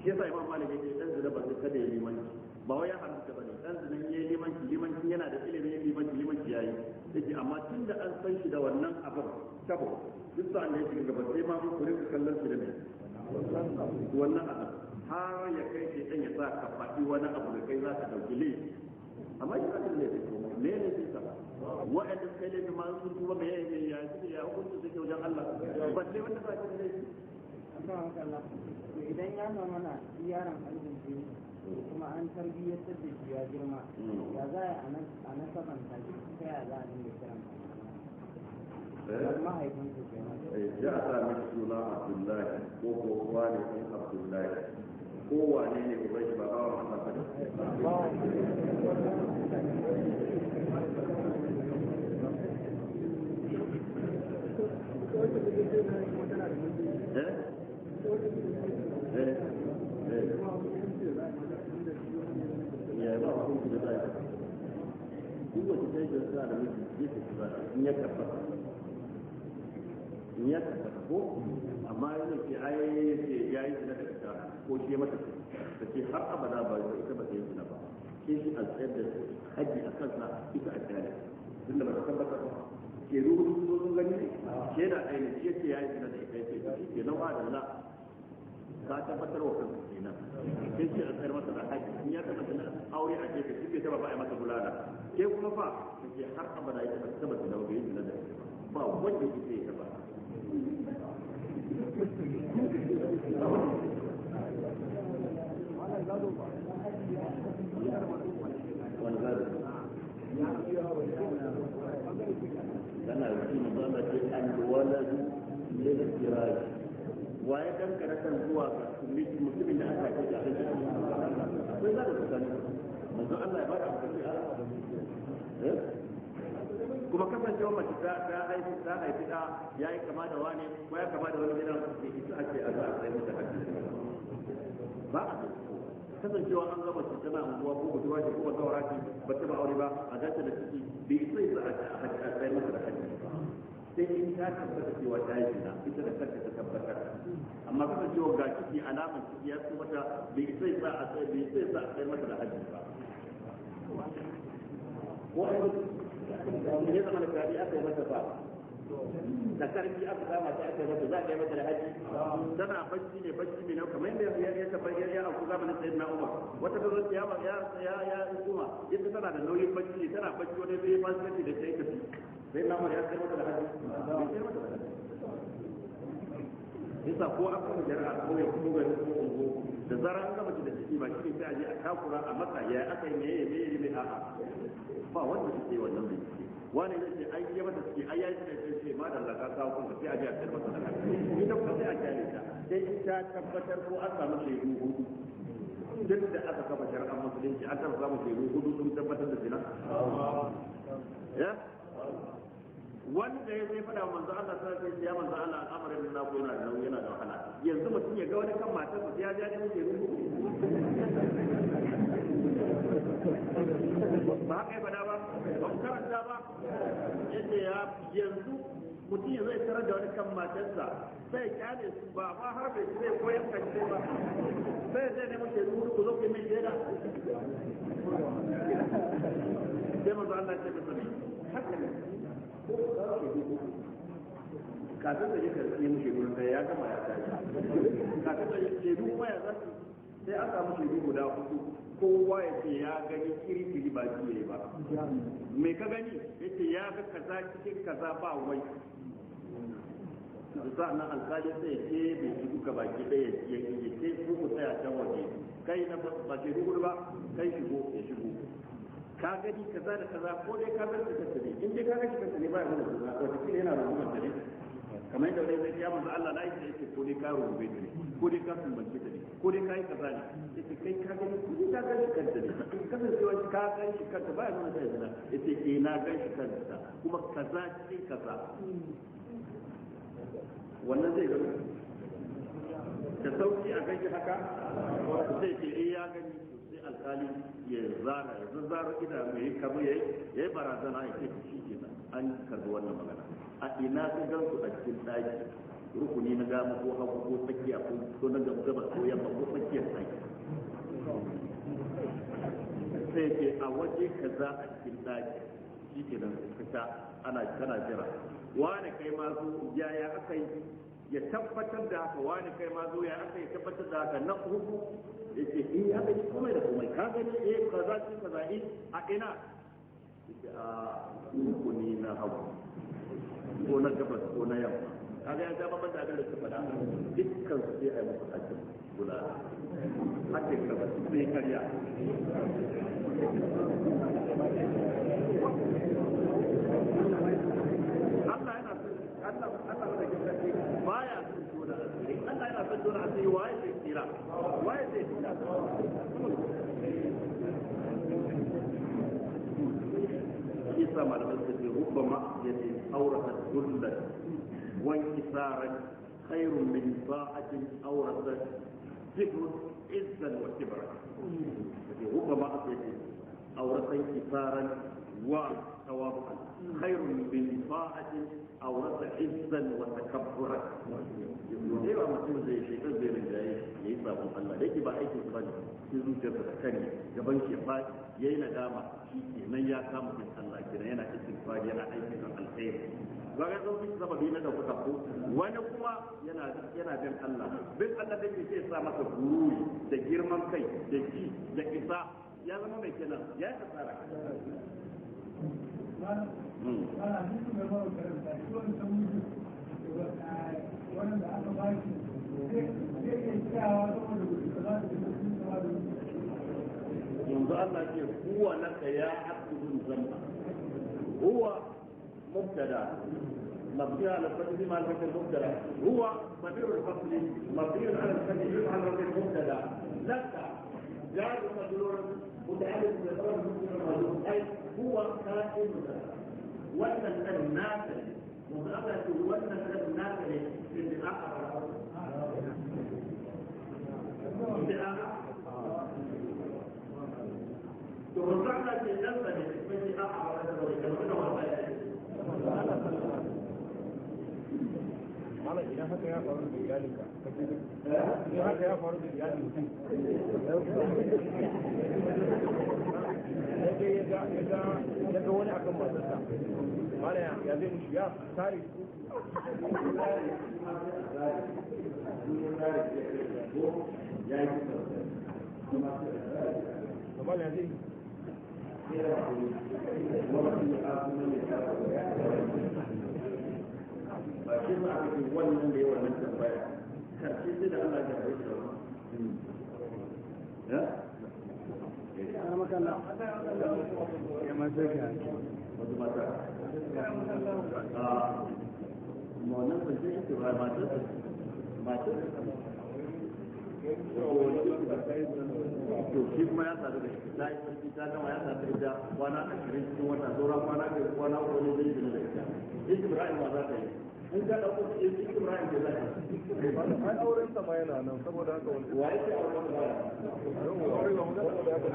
A: shi yasa imam malik yake dan zuba ba kada ya limanci ba wai ya haramta bane dan zinan yayi limanci limanci yana da ilimin limanci limanci yayi yake amma tunda an san shi da wannan abin tabo duk sa da yake gaba sai ma mun kurin kallon shi da me wannan abin har ya kai shi dan ya sa ka faɗi wani abu da kai za ka dauki laifi amma shi ka ne ne ne ne ne sa wa'anda suka kai laifin ma sun tuba me ya yi ya yi ya hukunta su ke wajen Allah ba sai wanda ba shi ne idan ya nuna yaron aljin kuma an tarbiyyatar da shi ya girma ya za a nasabanta shi ta ya za a dinga kiran
B: mahaifinsa kenan ya a sami suna abdullahi
A: ko ko wani ɗan abdullahi ko wane ne uban shi ba ba wa masa Eh? da da duk wata da sa da miji ya ta ba in ya in ya ko amma yana ce ai da ta ko shi mata ta ce har abada ba ita ba ta yi ba sai shi alƙayar da haji a kansa ita a kyale tunda ba ta tabbata ba ke ruhu so sun gani ke da ainihi ya ce ya yi da ita ce ta ke nan ba da la ka tabbatar wa kanka kenan sai a tsayar masa da haji in ya tabbata na aure a ce ka shige ba a masa bulala ke kuma fa ke har abada ya taɓa taɓa da wani yin da ba wanda ke ce ya taɓa wani
B: tana ce an walad
A: lil firaj wa ya danka na san zuwa ga mutumin da aka kace a
B: kuma kasancewa mace
A: ta ta haifi ta haifi da ya yi kama da wani ko ya kama da wani zai nan ke ake a za'a tsaye mata hakki ba a kasancewa an gaba su tana unguwa ko budurwa ce ko ba zawara ce ba ta ba aure ba a dace da ciki bai isa isa a tsaye mata da hakki sai in ta tabbata cewa ta yi zina ita da kanta ta tabbatar amma kuma cewa ga ciki alamar ciki ya su mata bai sai sa a tsaye bai sai sa a tsaye mata da hajji ba da ya zama da kari aka yi masa ba da karfi aka kama aka yi masa za yi masa da haji tana bacci ne bacci ya sayyidina Umar wata ya ya ya ya kuma yadda tana da nauyin bacci ne tana bacci wani zai da sai ya kai masa da haji yasa ko an kuma kuma ga da zaran ga da ciki ba shi sai a je a takura a masa ya aka yi meye meye meye a'a ba wanda suke yi wannan bincike wani ne ce ai yi mata suke ai yayi sai ce ma da laka ta kuma sai a ji a masa da ni da kuma sai a kyale ta sai ta tabbatar ko an samu shaidu hudu duk da aka kafa shari'ar musulunci an taɓa samun shaidu hudu sun tabbatar da zina ya wanda ya zai fada wa manzo Allah sallallahu alaihi wasallam ya manzo Allah al'amarin na ko yana da yana da wahala yanzu mutum ya ga wani kan matar sa ya ji ne ke rubu ba haka ya faɗa ba ba ku karanta ba yadda ya yanzu mutum ya zai tarar da wani kan matarsa sai kyale su ba har bai zai koyar kan ba sai zai nemi zuwa ku zo ku mai sai mazu Allah ce sami kafin da yake yi sai ya gama ya tashi kafin da yake sai an samu guda hudu kowa ya ce ya gani iri iri ba shi ba me ka gani ce ya ga kaza cikin kaza ba wai nan alkali sai ya ce bai shi duka baki ɗaya ya ce ko ku tsaya can waje kai na ba ke rugur ba kai shigo ya shigo ka gani kaza da kaza ko dai ka bar ka ne in dai ka gani ka ne ba ya nuna kaza wata kila yana rubuta ne kamar yadda wani zai kiyama ba Allah na yi da yake ko dai ka rubuta ne ko dai ka sumbance ta ne ko dai ka yi yace kai ka gani ko dai ka gani ne ka gani shi kanta ba nuna ta zina yace ke eh, na gani shi kanta kuma kaza ce kaza
B: wannan zai gani da sauki a gani haka
A: sai ke eh, ya gani sai alkali ya zara ya zazzara yi kamar ya yi barazana ya ce shi an karbi wannan magana a ina ka gan su a cikin daji rukuni na gama ko hagu ko tsakiya ko na gaba ko yamma ko tsakiyar tsaki sai ke a waje kaza a cikin daji shi ke nan fita ana kana jira wani kai ma zo ya aka yi ya tabbatar da haka wani kai ma zo ya aka yi tabbatar da haka na uku ya ce in eh, ya gani komai da komai ka gani eh kaza ce kaza in eh, a ina ce, a rukuni na hagu ko na gabas ko na yamma kaga ya zama banda abin da suka faɗa dukkan su sai a yi musu hajjin guda hajjin gaba sai Allah yana Allah Allah da kin sai baya Allah yana son dole sai waye tsira waye tsira malamin sai yace aurata وانكسارا خير من طاعة أو رد ذكر عزا واعتبارا ربما أطلق أو رد انكسارا وتواضعا خير من طاعة أو رد عزا وتكبرا إذا ما تقول زي شيء تزير الجاي يبقى من الله ليك بعيد الغد تزور جبر كني جبان شفاء يينا داما شيء من يا كم من الله كنا ينا استغفار ينا أيك من الخير zaka dauki sababi wani kuma yana yana bin Allah bin Allah da yake sa maka gururi da girman kai da ki da isa ya zama mai kenan ya yi tsara aka hmm.
B: ba shi ba yanzu Allah
A: ce na ka ya haƙƙin zamba huwa مبتدا مبني على الفتح مع الفتح المبتدا هو مدير الفصل مبني على الفتح مع الفتح المبتدا لك جار مجرور متعلق بطرف مجرور اي هو كائن ولا الناس مضافه ولا الناس في الاخر
B: ترفعنا في
A: الأنفة من أعرض ويكملها ولا malam idan haka ya faru da iyalin ka idan haka ya faru da iyalin mutum sai
B: ya ga ya ga ya ga wani akan matarsa malam ya zai mushi ya tare ya yi kuma ya zai ba shi ba aka ce wannan da yawan nan tambaya karshe sai da Allah ya yi shi ya ya makalla ya mace ka wata mata a
A: maunan ba shi ke ba mata mata to shi kuma ya sadu da shi ta yi sarki ta gama ya sadu da kwana ashirin cikin wata sauran kwana kwana wani zai gina da ita ibrahim ba za ta yi in ka dauko ta cikin ra'ayin da zai auren sa ma yana nan saboda haka wani wa yake auren sa auren ya mutu ya ga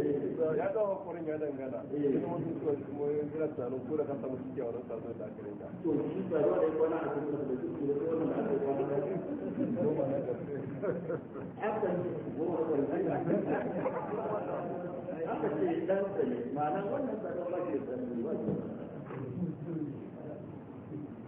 A: eh. hakurin ya dangana eh. kuma mun so mu yi tsaro ko da kyawar sa zai da kare ta to shi ba da kwana a cikin da da da ake kwana da da ce ma'ana wannan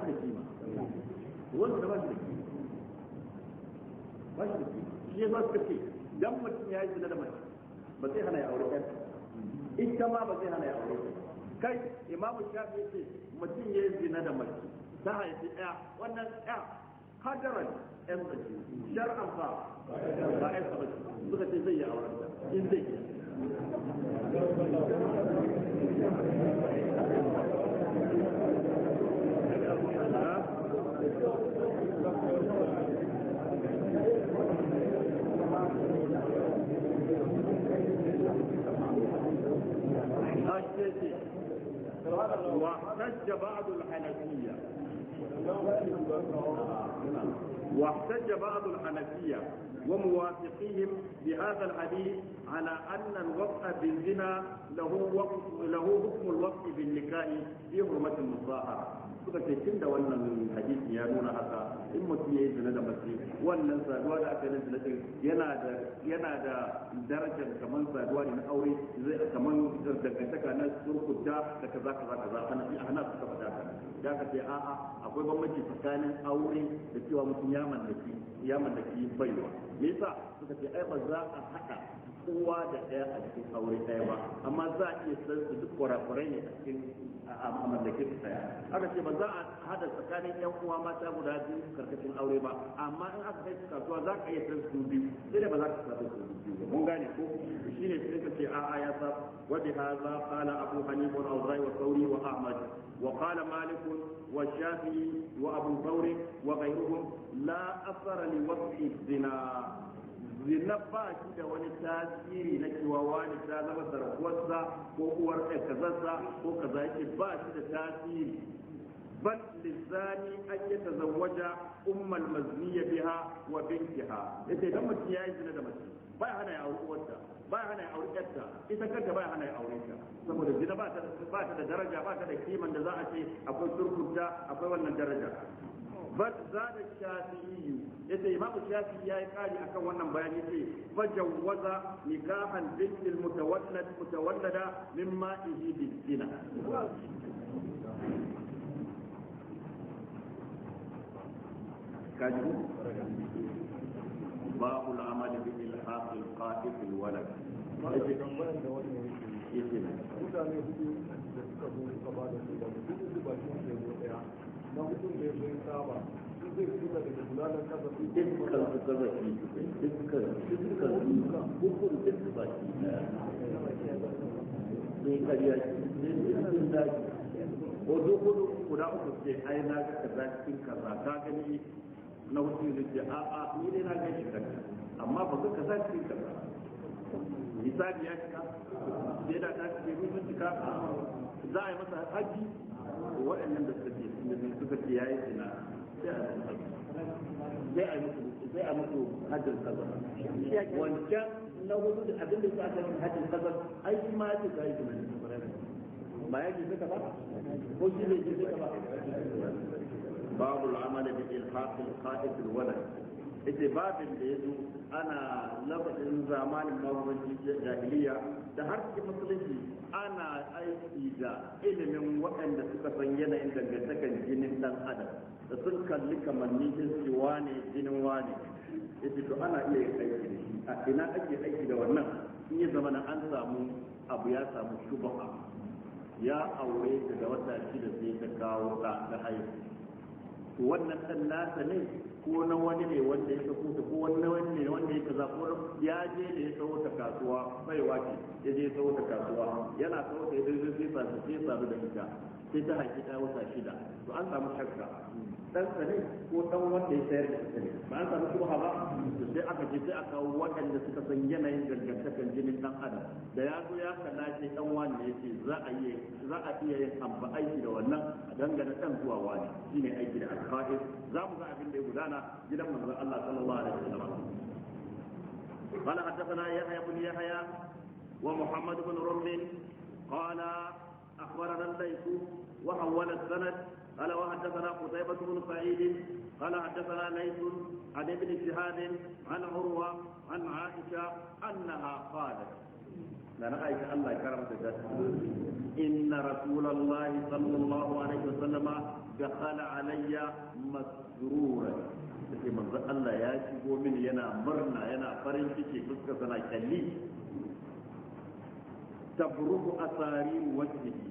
A: shi da kima wanda ba shi da kima ba shi da kima shi ba su kace dan mutum ya yi zina da mace ba zai hana ya aure ɗan ita ma ba zai hana ya aure kai imamu shafi ce mutum ya yi zina da mace ta haifi ɗaya wannan ɗaya kadaran ɗan mace shar'an ba ba ɗan mace suka ce zai yi auren in zai yi واحتج بعض الحنفية واحتج بعض الحنفية وموافقيهم بهذا الحديث على أن الوقع بالزنا له وقف له حكم الوقف بالنكاح في حرمة المصاهرة suka ce tun da wannan hadisi ya nuna haka in mutum ya yi zina da mace wannan saduwa da aka yi zina din yana da da darajar kamar saduwa ne na aure zai kamar dangantaka na surkuta da kaza kaza kaza a hana suka faɗa ka da aka ce a'a akwai bambanci tsakanin aure da cewa mutum ya mallaki ya mallaki baiwa me yasa suka ce ai ba za a haɗa kowa da ɗaya a cikin aure ɗaya ba amma za a iya san su duk kwarakwarai ne a cikin a mallake su saya aka ce ba za a hada tsakanin yan uwa mata guda biyu karkashin aure ba amma in aka kai kasuwa za ka iya san su biyu sai da ba za ka san su biyu mun gane ko shine sai ka ce a'a ya sa wa bi hadha qala abu hanifa wa al wa thawri wa ahmad wa qala malik wa Shafi wa abu thawri wa ghayruhum la athara li wasfi zina zina ba shi da wani tasiri na cewa wani ta zama sarkuwarsa ko uwar ƙazarsa ko kaza yake ba shi da tasiri bal lizani an yi tazawwaja ummal mazniya biha wa bintiha yace dan mutum yayi zina da mace ya hana ya aure uwarta ya hana ya aure yarta ita kanta ya hana ya aure ta saboda zina ba ta ba ta da daraja ba ta da kiman da za a ce akwai surkunta akwai wannan daraja bal zada shafi'i yace imamu shafi yayi kari akan wannan bayani yace fa jawwaza nikahan bintil mutawallad mutawallada mimma ihi bizina kaji babu al'amali bi ilhaq al-qatif al-walad yace kan bayan da wani wannan yake mutane hudu da suka zo suka ba da su da su ba shi ne na hudun da ya zo saba dukkan su kaza dukkan dukkan ne kariya ne sun ko dukkan uku ce ai na ga kaza cikin kaza ka gani na wuce da ce a a ni ne na gani amma ba ka kaza cikin kaza misali ya shiga ta ce ni mun shiga za a yi masa haji waɗannan da suka ce yayi sai a musu sai a musu hajjin kaza wancan na hudu da abin da aka yi hajjin kaza ai shi ma yake ga yake mai ba ya ke ba ko shi zai ke ba babu al'amala bi ilhaqil qa'id al-walad ita babin da ya zo ana lafazin zamanin magubanci jahiliya da har cikin musulunci ana aiki da ilimin waɗanda suka san yanayin dangantakar jinin ɗan adam da sun kalli kamanni jinsi wane jinin wane yace to ana iya yin aiki da shi a ina ake aiki da wannan in ya zama na an samu abu ya samu shubaha ya aure daga wata da sai ta kawo ka ta haihu wannan dan nasa ne ko na wani ne wanda ya kafu ko wani wani ne wanda ya kaza ko ya je da ya sawo ta kasuwa bai wace ya je ya ta kasuwa yana sawo ta ya zai zai sai sai da ita sai ta haƙi ta wata shida to an samu shakka dan sani ko dan wanda ya sayar da ita ne ba an samu shubha ba to sai aka je sai aka kawo waɗanda suka san yanayin dangantakan jinin dan adam da ya zo ya kalla shi dan wani za a yi za a iya yin amfa aiki da wannan a dangana dan zuwa wani shine aiki da alqa'id za mu ga abin da ya gudana gidan manzon Allah sallallahu alaihi wasallam قال حدثنا يحيى بن يحيى ومحمد بن رمل قال اخبرنا الليث وحول السند قال وحدثنا قتيبة بن سعيد قال حدثنا ليث عن ابن شهاب عن عروة عن عائشة أنها قالت لأن عائشة الله كرمت إن رسول الله صلى الله عليه وسلم دخل علي مسرورا take manzo Allah ya shigo min yana murna yana farin ciki fuskar sana kalli tabruku asari wajhihi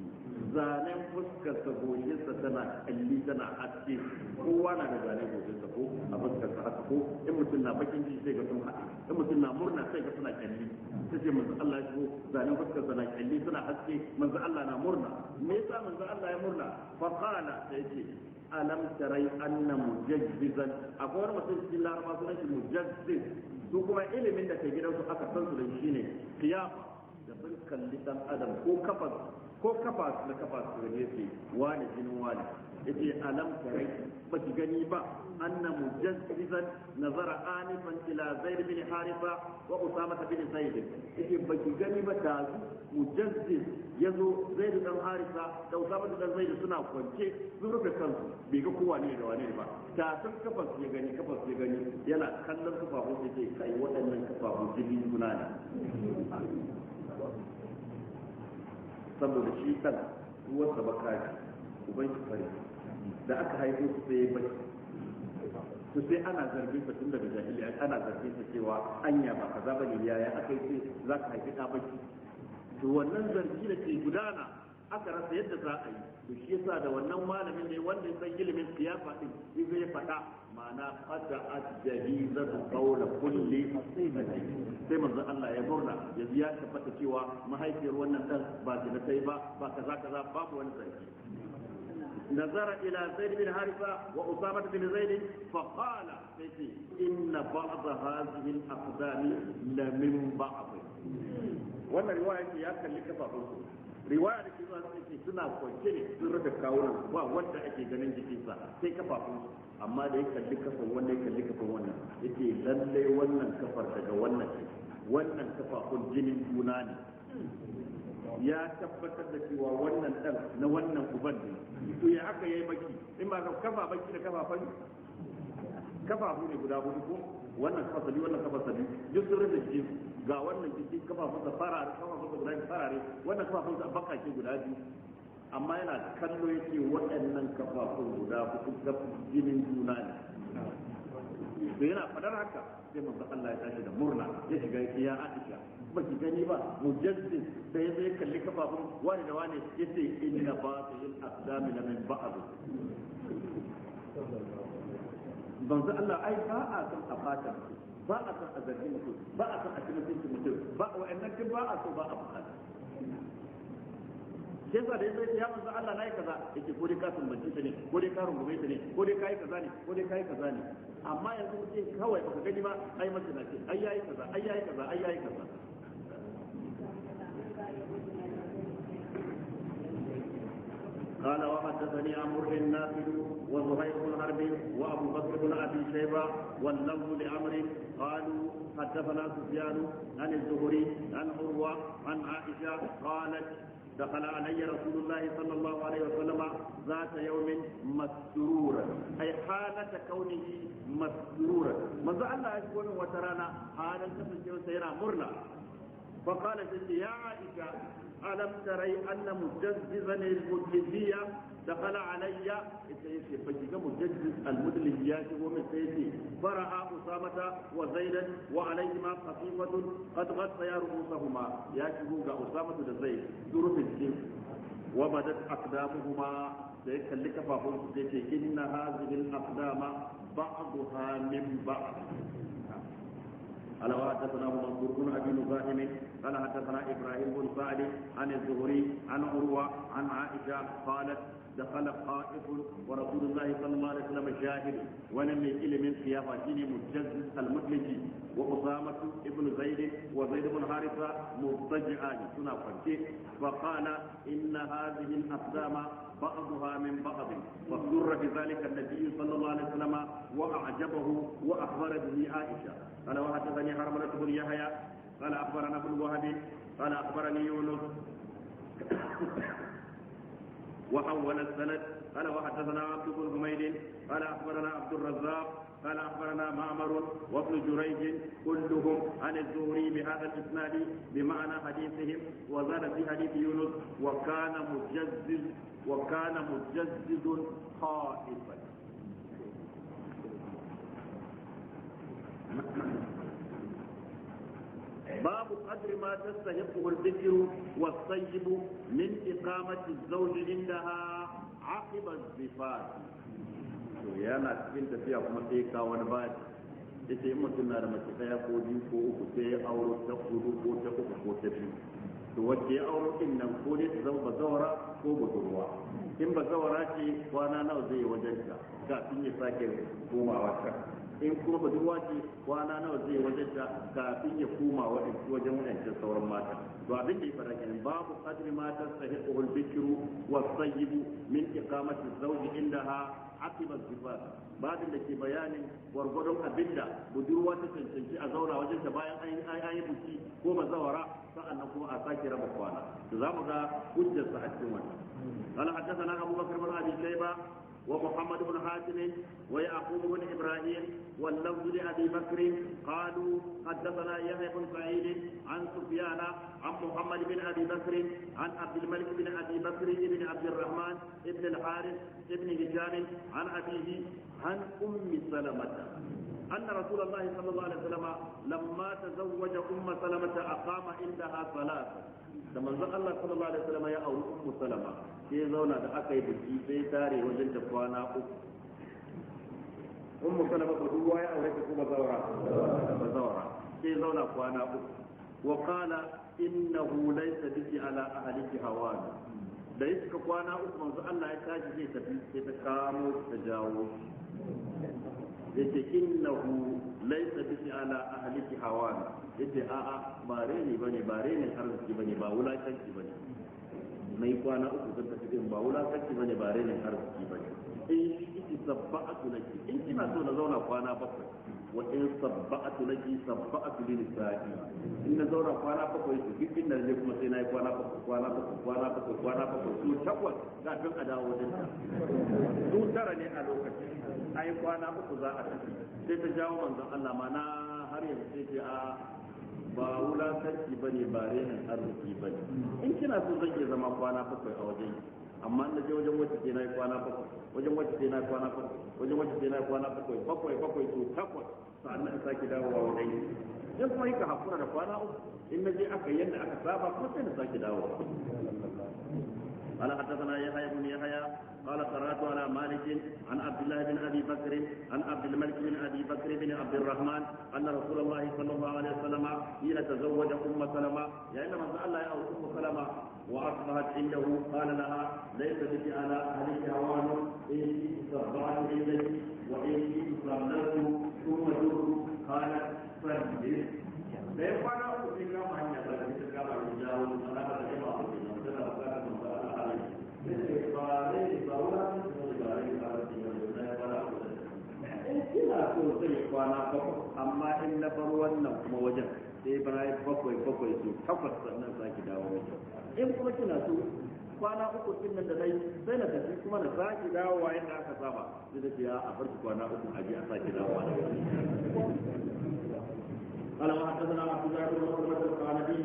A: zanen fuskarsa gojinsa tana kalli tana haske kowa na da zanen gojinsa ko a fuskarsa haka ko in mutum na bakin jiki sai ga sun haɗe in mutum na murna sai ga suna kalli ta ce manzo Allah ko zanen fuskarsa na kalli tana haske manzo Allah na murna me yasa manzo Allah ya murna fa qala sai ce alam tarai anna mujazzizan akwai wani mutum cikin larabawa sunan shi mujazziz su kuma ilimin da ke gidansu aka san su da shi ne kiyama da sun kalli dan adam ko kafar ko kafa su da kafa su gane gefe wani jinin wani yace alam kare ba ki gani ba anna mujazzizan nazara anifan ila zaid bin harifa wa usama bin zaid ce ba ki gani ba da mujazziz yazo zaid dan harifa da usama dan zaid suna kwance sun rufe kansu bai ga kowa ne da wani ba ta san kafa su ya gani kafa su ya gani yana kallon kafafu ce kai waɗannan kafafu jini guna ne saboda shi kan uwarsa baka ne uban shi fari da aka haihu su sai bai su sai ana zargin sa tun daga jahiliya ana zargin sa cewa anya ba kaza bane yaya aka yi sai zaka haifi ta baki to wannan zargi da ke gudana aka rasa yadda za a yi to shi yasa da wannan malamin ne wanda ya san ilimin siyasa din shi zai faɗa ma'ana qad ajjahizatu qawla kulli sai manzo Allah ya murna yanzu ya tabbata cewa mahaifiyar wannan dan ba na sai ba ba kaza kaza babu wani zargi نظر إلى زيد بن حارثة وأسامة بن زيد فقال إن بعض هذه الأقدام لمن بعض wannan riwaya ya kalli kafafunsu riwaya da ke zuwa cikin suna kwance ne sun rufe kawunan ba wanda ake ganin jikinsa sai kafafun amma da ya kalli kafan wanda ya kalli kafan wannan yake lallai wannan kafar daga wannan wannan kafafun jinin juna ne ya tabbatar da cewa wannan dan na wannan uban ne to ya haka yayi baki in ba kafa baki da kafafan kafafu ne guda hudu ko wannan kafa sabi wannan kafa sabi duk sun rage jikin ga wannan jikin kafa masa farare kafa masa guda farare wannan kafa masa bakake guda biyu amma yana kallo yake waɗannan kafafun guda hudu ga jinin juna ne to yana fadar haka sai manzo Allah ya tashi da murna ya shiga ya Aisha ba ki gani ba mujaddid da ya zai kalli kafafun wani da wani yace inna ba'dil asdami la min ba'd manzo Allah ai ba a san a fata ba a san a zargi mutum ba a san a cikin mutunci mutum ba wa'annan duk ba a so ba a bukata sai sa da yasa ya manzo Allah yi kaza yake ko dai ka sumbace ta ne ko dai ka rungume ta ne ko dai yi kaza ne ko dai yi kaza ne amma yanzu mutum kawai baka gani ba ai masa na ce ai yayi kaza ai yayi kaza ai yayi kaza قال وحدثني عمرو النافع وزهير بن حرب وابو بكر بن ابي شيبه واللفظ لامر قالوا حدثنا سفيان عن الزهري عن عروه عن عائشه قالت دخل علي رسول الله صلى الله عليه وسلم ذات يوم مسرورا اي حالة كونه مسرورا ماذا الله يكون وترانا حالة كونه سيرا مرنا فقالت يا عائشة ألم تري أن مجززا المدلجية دخل علي سيدي فجد مجزز المدلجيات ومن سيدي فرأى أسامة وزيدا وعليهما خفيفة قد غطيا رؤوسهما يكفوك أسامة وزيد دروس الجن وبدت أقدامهما سيكلك فقلت إن هذه الأقدام بعضها من بعض قال وحدثنا منصور بن ابي مزاحم قال حدثنا ابراهيم بن سعد عن الزهري عن عروه عن عائشه قالت دخل قائف ورسول الله صلى الله عليه وسلم شاهد ولم يكل من خيافة مجزز المفلجي وأسامة ابن زيد وزيد بن حارثة مضطجعان سنة فقال إن هذه الأقدام بعضها من بعض فسر بذلك النبي صلى الله عليه وسلم وأعجبه وأخبر به عائشة قال وحدثني حرملة بن يحيى قال أخبرنا ابن وهب قال أخبرني يونس وحول السند قال وحدثنا عبد بن حميد قال اخبرنا عبد الرزاق قال اخبرنا معمر وابن جريج كلهم عن الزهري بهذا الاسناد بمعنى حديثهم وزاد في حديث يونس وكان مجزز وكان مجزز خائفا. babu qadri ma tastahiqu al-dhikru was-sayyib min iqamati az-zawj indaha aqiba az-zifat to yana cikin tafiya kuma sai ka wani baji na da mace daya ko biyu ko uku ta hudu ko ta uku ko biyu to wacce ya auro din nan ko dai ta zama ko budurwa in bazawara ce kwana nawa zai wajen ta kafin ya sake komawa can in kuma duk waje kwana nawa zai wajen ta kafin ya koma wajen wajen sauran mata to abin da ya fara kenan babu qadri mata sahihu al-bikru wa sayyibu min iqamati zawji indaha akiba ba babin da ke bayanin gwargwadon abinda budurwa ta cancanci a zauna wajen ta bayan an yi buki ko mazawara sa'annan kuma a sake raba kwana za mu ga hujjarsa a cikin wannan قال حدثنا ابو بكر ba ابي ومحمد بن حاتم ويعقوب بن إبراهيم واللفظ لأبي بكر قالوا حدثنا يحيى بن سعيد عن سفيان عن محمد بن أبي بكر عن عبد الملك بن أبي بكر بن عبد الرحمن بن الحارث بن هشام عن أبيه عن أم سلمة أن رسول الله صلى الله عليه وسلم لما تزوج أم سلمة أقام عندها ثلاثة da manzo Allah sallallahu alaihi wasallam ya auri ummu salama sai zauna da aka yi biki sai tare wajen ta kwana uku ummu salama ko duwa ya aure ta kuma zawara zawara sai zauna kwana uku wa qala innahu laysa biki ala ahliki hawan da yake kwana uku manzo Allah ya tashi sai tafi sai ta kamo ta jawo yace innahu laisa bi ala ahli hawan yace a a bare ne bane bare ne arziki bane ba wulakanci bane mai kwana uku zan tafi din ba wulakanci bane bare ne arziki bane in shi ki sabba'atu laki in kina so na zauna kwana bakwai wa in sabba'atu laki sabba'atu lil sa'i in na zauna kwana bakwai to duk inda je kuma sai nayi kwana bakwai kwana bakwai kwana bakwai kwana bakwai to takwas ga tun a dawo wajen ta su tara ne a lokacin. ai kwana uku za a tafi sai ta jawo manzon Allah ma na har yanzu sai ce a ba wulatarki bane ba renin arziki bane in kina so zan iya zama kwana bakwai a wajen amma na je wajen wacce sai na yi kwana bakwai wajen wacce sai na yi kwana bakwai wajen wacce sai na yi kwana bakwai bakwai bakwai to takwas sa'annan in sake dawowa wajen yi sai kuma yi ka hakura da kwana uku in na je aka yadda aka saba kuma sai na sake dawowa قال حدثنا يحيى بن يحيى قال قرات على مالك عن عبد الله بن ابي بكر عن عبد الملك بن ابي بكر بن عبد الرحمن ان رسول الله صلى الله عليه وسلم حين تزوج ام سلمه لان من الله يا ام سلمه واصبحت عنده قال لها ليس بك على عليك هوان ان استرضعت عندك وان استرضعت ثم ترك قالت فاجلس. لا يقال لك في اليوم ان يقال لك في اليوم ان يقال لك kwana bakwai amma in na bar wannan kuma wajen sai bayan bakwai bakwai su takwas sannan sake dawo wajen in kuma kina so kwana uku din nan da dai sai na tafi kuma na sake wa inda aka saba sai da ya a farki kwana uku a je a sake dawo da قال حدثنا عبد الله بن محمد القانبي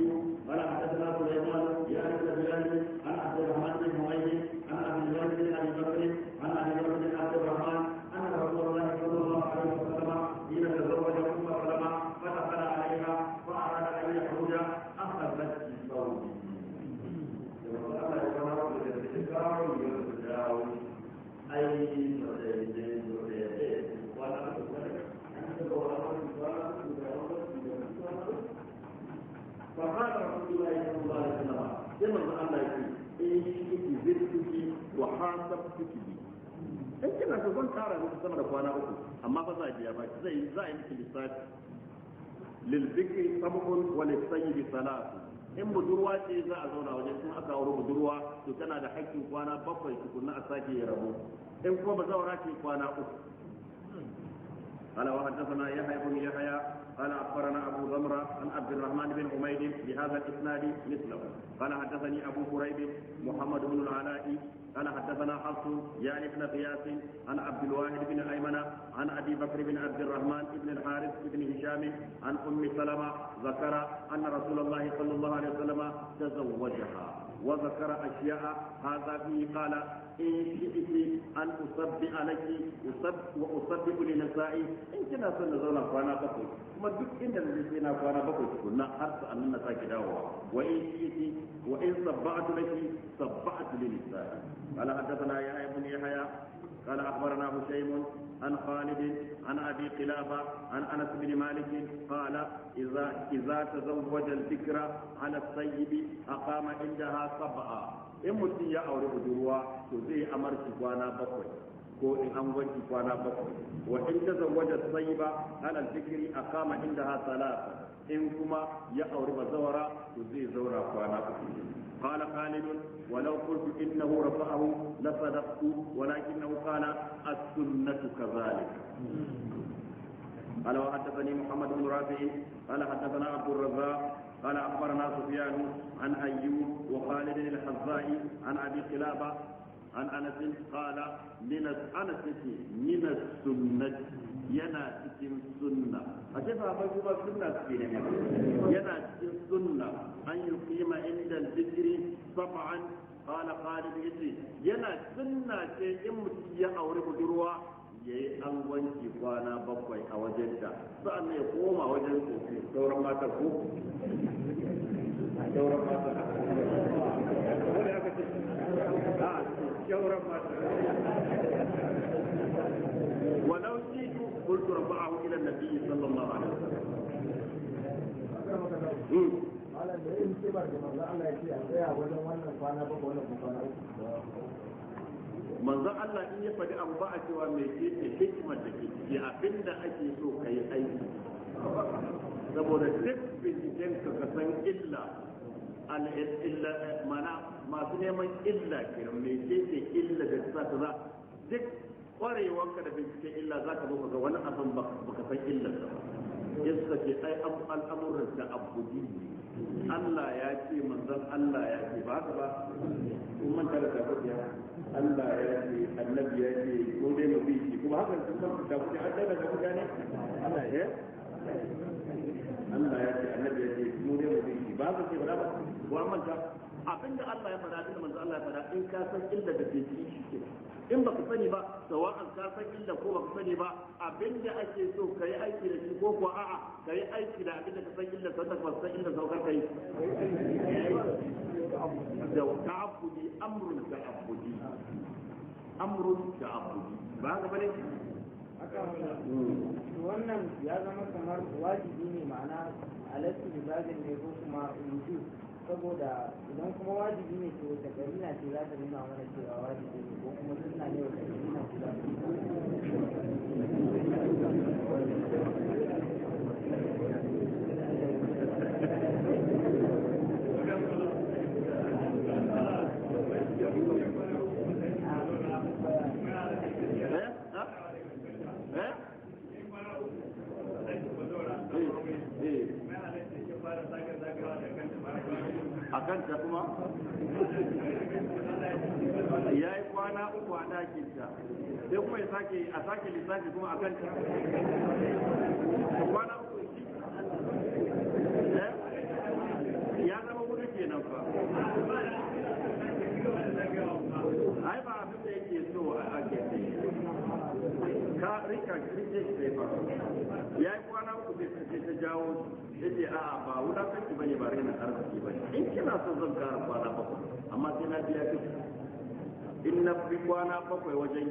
A: قال حدثنا سليمان يا ابن بلال عن عبد الرحمن بن مؤيد عن ابي بكر بن ابي بكر عن ابي بكر بن kike bi in kina so zan kara sama da kwana uku amma ba za a biya ba zai za a yi miki lissafi lil fikri sabqun wa lis sayyibi salatu in budurwa ce za a zauna waje sun aka aure budurwa to tana da haƙƙin kwana bakwai tukunna a sake ya rabu in kuma ba zaura ce kwana uku قال وحدثنا يحيى بن يحيى قال اخبرنا ابو ضمرة عن عبد الرحمن بن حميد بهذا الاسناد مثله قال حدثني ابو كريب محمد بن العلاء قال حدثنا حفص يعني ابن قياس عن عبد الواحد بن ايمن عن ابي بكر بن عبد الرحمن بن الحارث بن هشام عن ام سلمه ذكر ان رسول الله صلى الله عليه وسلم تزوجها وذكر أشياء هذا فيه قال إن شئت أن أصب لك أصب وأصدق لنسائي إن كنا سنزول فانا بكر ما دك إن الذين فانا بكر كنا حتى أن نساك دعوة وإن شئت وإن صبعت لك صبعت لنسائي قال حدثنا يا ابن يحيى قال أخبرنا هشيم عن خالد عن ابي قلابه عن انس بن مالك قال اذا اذا تزوج الذكر على الطيب اقام عندها سبعا ان مت يا اوري تزي امر تقوانا بقوي كو ان انوج تقوانا بقوي وان تزوج الطيب على الذكر اقام عندها ثلاثه إن كما ya بزورا bazawara زورا فانا قال خالد ولو قلت انه رفعه لصدقت ولكنه قال السنه كذلك قال وحدثني محمد بن رافع قال حدثنا عبد الرزاق قال اخبرنا سفيان عن ايوب وخالد الحذاء عن ابي قلابه an anas kala, minas anas yake min yana cikin sunna a ce ba kuma sunna suke ne yana cikin sunna an kima inda dhikri sab'an kala qalib yace yana sunna ce in mutum ya aure budurwa ya yi an wanki kwana bakwai a wajen ta sa'an ya koma wajen kofi sauran mata ko
B: sauran mata ko da aka ce جورا
A: ولو جئت قلت رفعه الى النبي صلى الله عليه وسلم da manzo Allah a in ya faɗi abu ba a cewa mai ke ce hikimar da ke ciki abinda ake so ka yi aiki saboda duk binciken ka ka san illa al-illa mana masu neman illa ke mai ce illa da ta za duk ka da binciken illa za ka zo ga wani abin baka san illar ba yadda ke ai al'amuran da abudi Allah ya ce manzan Allah ya ce ba ka ba kun manta da tafiya Allah ya ce annabi ya ce ko dai mu bi shi kuma hakan sun san da kuke hadda da kuka ne Allah ya eh? Allah ya ce annabi ya ce mu dai mu bi shi ba ka ce ba ba ko manta abinda Allah ya faɗa da manzo Allah ya fara in ka san illa da ke ciki shi in baka sani ba sawa'an ka san illa ko baka sani ba abinda ake so ka yi aiki da shi ko ko a'a ka yi aiki da abinda ka san illa sannan ka san illa saukar kai da ta'abbudi amrun ta'abbudi amrun ta'abbudi ba haka bane wannan ya zama kamar wajibi ne ma'ana alaikum ibadin ne ko kuma wujud saboda idan kuma wajibi ne to ta karina ce za ta nuna mana cewa wajibi
B: ne ko kuma suna ne wa ta karina ce za ta nuna
A: kanta kuma ya yi kwana uku a ɗakinta sai kuma ya sake a sake lissafi kuma a kanta kwana uku eh? ya zama gudu kenan fa ai ba abin da yake so a ake ka rika rike shi sai ba ya yi kwana uku bai ta jawo ya ce a'a ba wulakanci bane ba rena arziki in kina son zan kara kwana bakwai amma sai na biya ki in na fi kwana bakwai wajen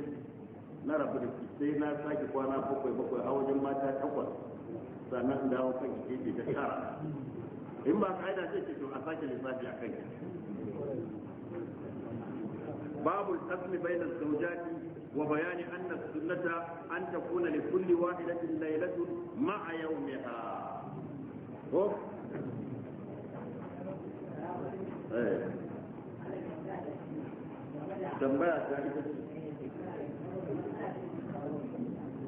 A: na rabu da ki sai na sake kwana bakwai bakwai a wajen mata takwas sannan dawo kan ki ke da tara in ba ka'ida sai ki to a sake lissafi a kanki babu tasmi bainas zawjati وبيان أن السنة أن تكون لكل واحدة ليلة مع يومها. Eh. tambaya ta
B: ita ce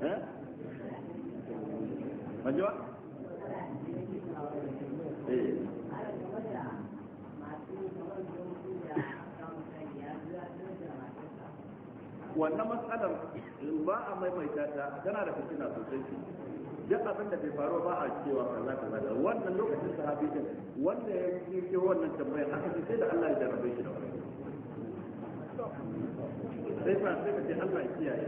B: eh majiwa eh.
A: wannan matsalar ba a maimaita ta tana da fitina sosai duk abin da bai faru ba a cewa kaza kaza da wannan lokacin sahabi din wanda ya yi ke wannan tambaya haka sai da Allah ya jarabe shi da wannan sai fa sai ka ce Allah ya kiyaye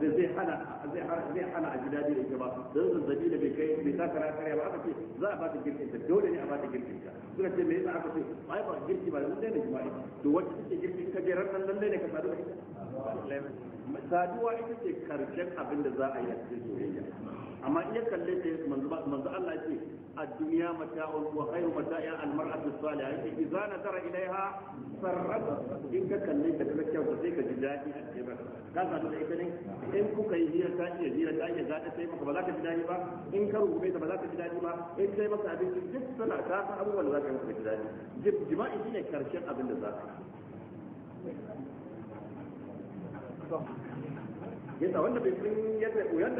A: da zai hana zai zai hana a gida da ita ba dan zazzabi da bai kai bai taka ra kare ba aka ce za a bata girkin ta dole ne a bata girkin ta suna ce me yasa aka ce ai ba girki ba lalle ne jima'i to wacce take girkin ka jeran nan lalle ne ka sadu da ita saduwa ita ce karshen abin da za a yi a cikin soyayya amma iya kalle ta manzo Allah ce الدنيا متاع وخير متاع المرأة الصالحة إذا نظر إليها سرت إنك كان تذكر وتلك جدائي أكبر قال هذا الإبن إن كوك يجير تاجي يجير تاجي ذات سيما فبلاك جدائي با إن كرو بيت بلاك جدائي با إن سيما سابق جب سنة تاسا أبو ولا ذاك جدائي جب جمائي دين كرشن أبن ذاك
B: yasa wanda bai sun
A: yadda koyar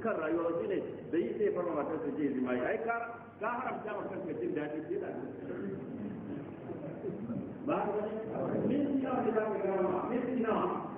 A: dukkan rayuwar shi ne da yi sai farma matar su je zima ai ka ka haramta ma kanka jin daɗi ba min ya da ka min min da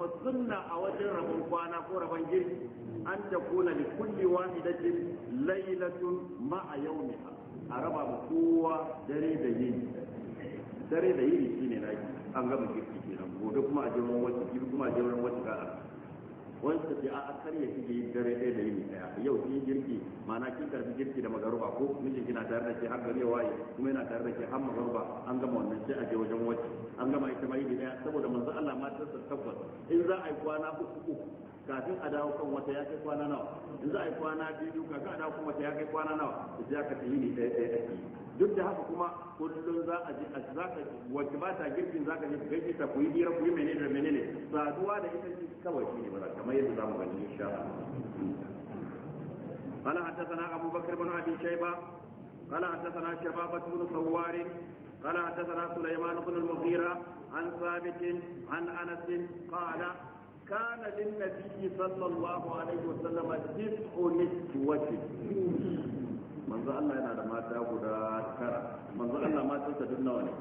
A: fa sunna a wajen rabon kwana ko rabon girki an ta kula da kulli wahidatin laylatun ma'a yawmiha a raba mu kowa dare da yini dare da yini shine naki an gama girki kenan gobe kuma a jiran wata girki kuma a jiran wata ga'a wani suka ce a kar ya yi dare ɗaya da yini ɗaya yau shi girki ma'ana kin karbi girki da magaruba ko mijin kina tare da ke har gari waye kuma yana tare da ke har magaruba an gama wannan sai a je wajen wacce an gama ita ma yini ɗaya saboda manzo Allah ma ta tabbas in za a yi kwana uku uku kafin a dawo kan wata ya kai kwana nawa in za a yi kwana biyu kafin a dawo kan wata ya kai kwana nawa sai ya ka ni ɗaya ɗaya ake duk da haka kuma kullum za a ji a za ka wacce ba ta girkin za ka je ka ta ku yi hira ku yi menene da menene saduwa da ita kawai shi ne ba ميت yadda zamu gani insha Allah qala hadathana Abu Bakr ibn Abi Shayba qala hadathana Shababa ibn Sawwar قال حدثنا سليمان بن المغيرة عن ثابت عن أنس قال كان للنبي صلى الله عليه وسلم تسع نسوة من ذا الله ينادى ما تابد كرة من ذا الله ما تنسى دون نوني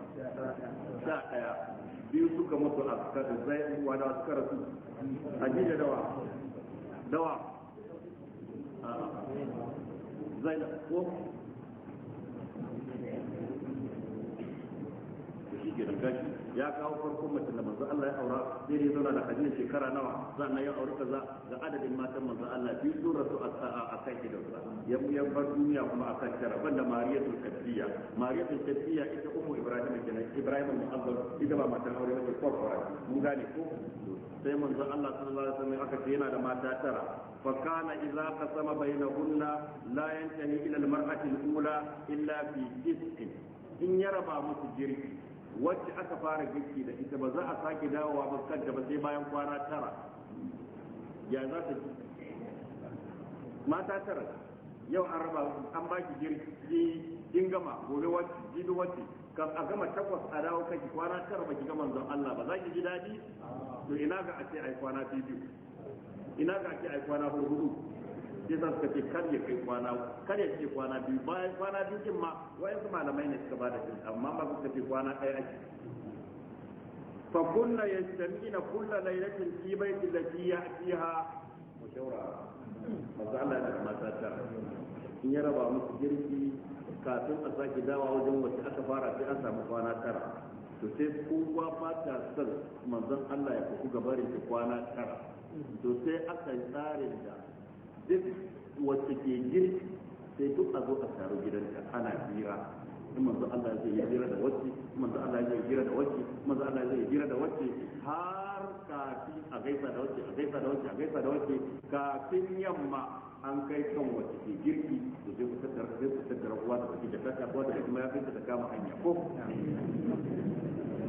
A: ساعة biyu suka mutu a suka zai uwa da suka rasu hadija dawa dawa zainab ko suke riga gashi ya kawo farkon mace da manzo Allah ya aura sai ne zauna da Khadija shekara nawa sannan ya aure kaza ga adadin matan manzo Allah bi suratu a ki da ya ya bar duniya kuma a kan tara banda Mariyatul Qibtiyya Mariyatul Qibtiyya ita ummu Ibrahim kenan Ibrahim mu'azzam ita ba matan aure ba ko fara mun gane ko sai manzo Allah sallallahu alaihi wasallam aka ce yana da mata tara fa kana idza qasama bainahunna la yantahi ila al-mar'ati al-ula illa fi tis'in in ya musu jirgi wacce aka fara girki da ita ba za a sake dawowa ba kanta ba sai bayan kwana tara ya za ta ji mata tara yau an raba an baki girki in gama gobe wacce jibi wacce ka a gama takwas a dawo kanki kwana tara ba ki gama zan Allah ba za ki ji dadi to ina ga a ce ai kwana biyu ina ga a ce ai kwana hudu shi yasa suka ce kar ya kai kwana kar ya ce kwana biyu bayan kwana biyu din ma wayansu malamai ne suka bada shi amma ba suka ce kwana ɗaya ake fa kunna yastamina kulla lailatin fi baiti allati ya'tiha mushawara manzo Allah da mata ta in ya raba musu girki kafin a sake dawa wajen wacce aka fara sai an samu kwana tara to sai kowa ba son manzon Allah ya fi gabarin kwana tara to sai aka tsare tsarin da duk wacce ke girki sai duk a zo a taru gidanta ana jira in manzo Allah zai yi jira da wacce manzo Allah zai yi jira da wacce manzo Allah zai yi jira da wacce har kafin a gaisa da wacce a gaisa da wacce a gaisa da wacce kafin yamma an kai kan wacce ke girki da zai fitar da zai fitar da rabuwa da take da kaka ko da kuma ya fita da kama hanya ko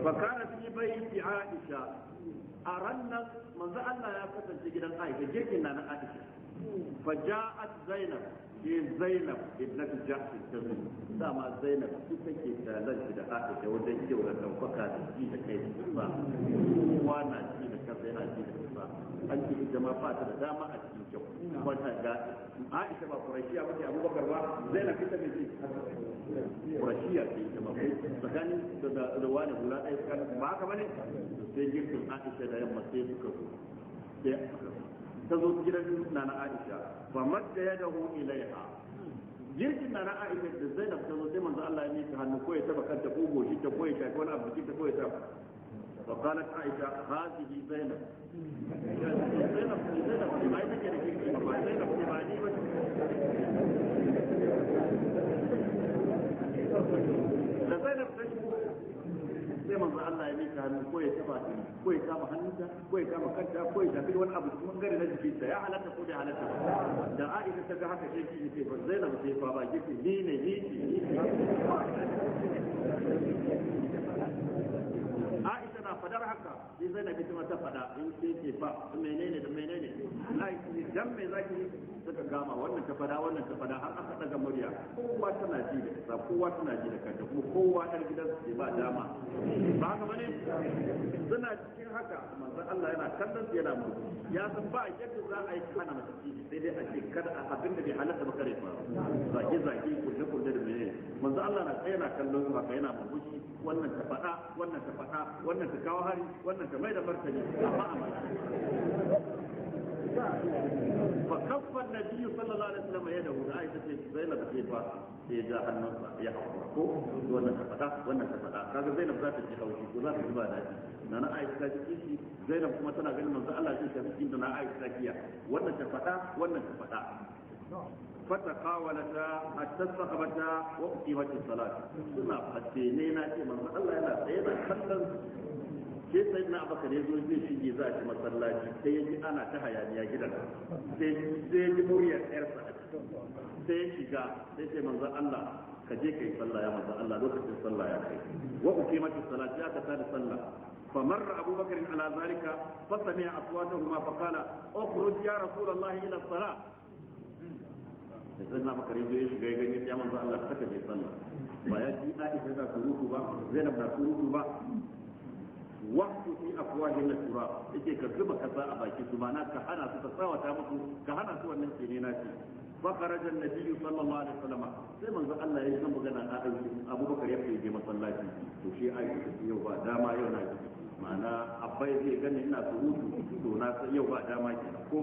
A: fa kana fi bayti Aisha aranna manzo Allah ya kasance gidan Aisha girkin nan Aisha فجاءت زينب هي زينب ابنة جحش الكذب دام زينب تتكي تالج دا عائشة ودنجي ولا توفقا تجينا كيف تصاب وانا جينا كذا انا جينا انت أنت إذا ما فاتت دام أجينا جو وانا جاء عائشة ما قريشية وكي أبو بكر وا زينب كتا بيجي قريشية كي إذا ما فاتت فكاني دوانا بلا أي كان معك بني سيجيكم عائشة دا يمسيبك sai ta zo gidan nana Aisha ba madda dahu ilaiha girkin nana Aisha da Zainab ta zo sai manzo Allah ya mika hannu ko ya taba kanta ko goshi ta ko ya shafi wani abu jikin ta ko ya taba fa qalat Aisha hadhihi Zainab Zainab
B: Zainab ba ita ke da girki ba Zainab ba ni ba
A: da Zainab manzo Allah ya mika hannu ko ya taba ta ko ya hannunta ko ya kanta ko ya tafi wani abu cikin gari na ta ya halatta ko halatta da Aisha ta ga haka sai ki ce sai ni ne ni Aisha na fadar haka sai Zainab ta fada in sai ke fa menene da menene dan me zaki suka gama wannan ta fada wannan ta fada har aka daga murya kowa tana ji da kasa kowa tana ji da kanta kuma kowa ɗan gidan su ba dama ba haka bane suna cikin haka manzon Allah yana kallon su yana mutu ya san ba yadda za a yi kana mata ciki sai dai a ce kada a abin da bai halatta ba kare faru zaki zaki kulle kulle da mene manzon Allah na tsaye yana kallon su haka yana murmushi wannan ta fada wannan ta fada wannan ta kawo hari wannan ta mai da martani amma
B: a
A: فكف النبي صلى الله عليه وسلم يده عائشة زينب كيفا يجا حنوسا يا حقوقو وانا تفتا وانا تفتا كذا زينب ذات الجهوشي وذات الجبانة نانا عائشة كيشي زينب كما تنا غير من الله كيشا في كندنا عائشة كيا وانا تفتا وانا تفتا فتقاولتا حتى استقبتا وقيمت الصلاة سنة حتى نينا كما الله يلا سيدا كلا sai sai na abaka ne zo zai shige za a ci masallaci sai ya ji ana ta hayaniya gidan sai sai ji muryar sa a cikin sai ya shiga sai sai manzo Allah ka je kai sallah ya manzo Allah lokacin sallah ya kai wa ku uqimatis salati ya ka tada sallah فمر أبو بكر على ذلك فسمع أصواتهما فقال اخرج يا رسول الله ila الصلاة sai na bakar zo ya shiga ya gani ya manzo Allah ka je sallah ba ya ji Aisha na ruku ba Zainab na ruku ba waqtu fi afwahin al-turab yake ka zuba kasa a baki su mana ka hana su ka tsawata musu ka hana su wannan kene na ce fa kharaja an-nabi sallallahu alaihi wasallam sai manzo Allah ya san magana a Abu Bakar ya fije masallaci to shi ai yau ba dama yau na ma'ana abai zai gani ina surutu to na yau ba dama ke ko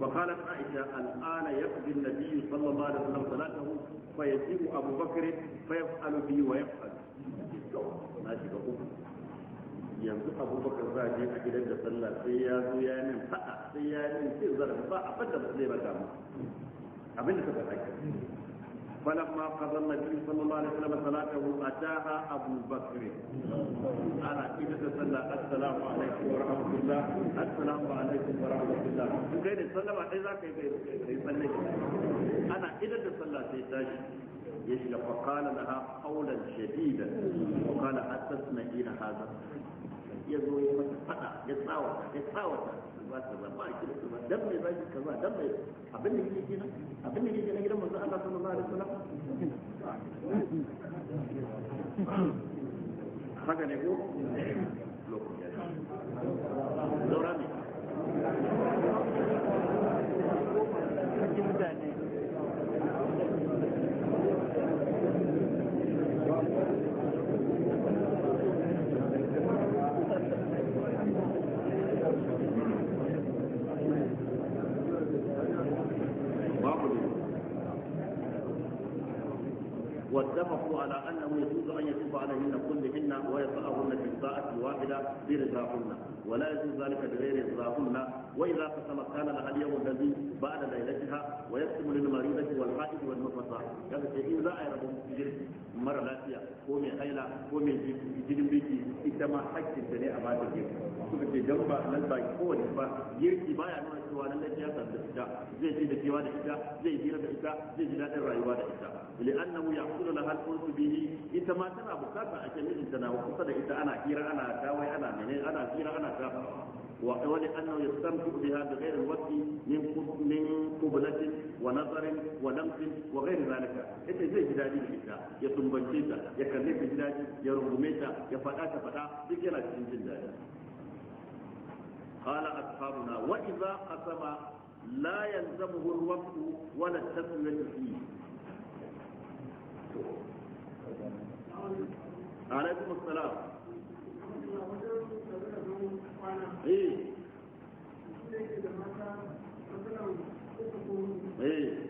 A: fa qalat aisha al-ana yaqdi an-nabi sallallahu alaihi wasallam salatahu fa yajibu Abu Bakr fa yaf'alu bi wa yaf'al na ka uku yanzu abubakar za a je a gidan da sallah sai ya zo ya nan sai ya nan sai zarar ba a fadda ba zai baka mu abin da ka faɗa ke falan ma kazan na jirgin sallallahu alaihi wasallam salata hu a taha ana ita da sallah assalamu alaikum wa rahmatullah assalamu alaikum wa rahmatullah in kai da sallama ɗaya za ka yi kai kai sallai ana ita da sallah sai tashi ya shiga faƙala da ha haulan shadidan faƙala a tasna ina hazar ya zo ya masa fada ya tsawata ya tsawata ba ta ba ba ki ba dan mai kaza dan mai abin da kina abin da na gidan manzo Allah sallallahu alaihi wasallam haka ne ko lokacin da ne يعطيهن كلهن ويطلعهن في الساعة الواحدة برضاهن ولا يجوز ذلك بغير رضاهن وإذا قسم كان لها اليوم الذي بعد ليلتها ويقسم للمريضة والحائض والنفساء كذا شيء لا يعرف مرة لا فيها قومي خيلا قومي جنبيكي إنما حج الدنيا ما تجيبها kuma ke jan ba nan ko wani ba girki ba ya nuna cewa nan ya san da ita zai ji da cewa da ita zai hira da ita zai ji daɗin rayuwa da ita li annahu kula la halqun bihi ita ma tana bukata a kan yin tana kusa da ita ana hira ana tawai ana menene ana hira ana ta wa qawli annahu yastamtu biha bi ghayri alwaqi min min qublatin wa nazarin wa lamsin wa ghayri zalika ita zai ji daɗi da ita ya sumbance ta ya kalle ta ya rungume ta ya faɗa ta faɗa duk yana cikin jin daɗi قال أصحابنا وإذا قسم لا يلزمه الوقت ولا التسوية فيه عليكم السلام
B: ايه ايه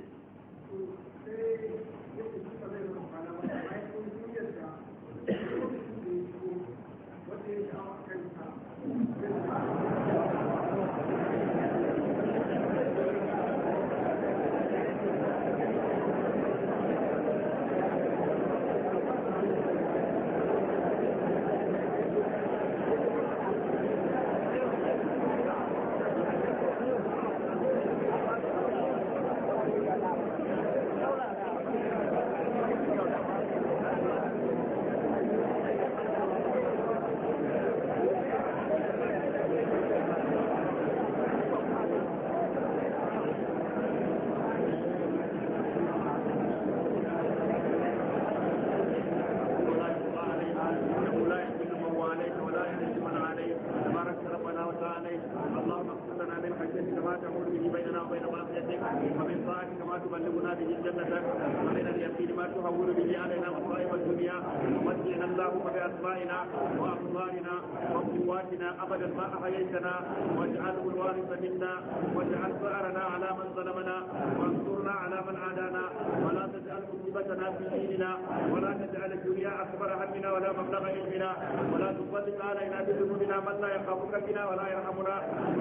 A: أحييتنا واجعله الوارث منا واجعل ثأرنا على من ظلمنا وانصرنا على من عادانا ولا تجعل مصيبتنا في ديننا ولا تجعل الدنيا أكبر همنا ولا مبلغ علمنا ولا تسلط علينا بذنوبنا من لا يخافك بنا ولا يرحمنا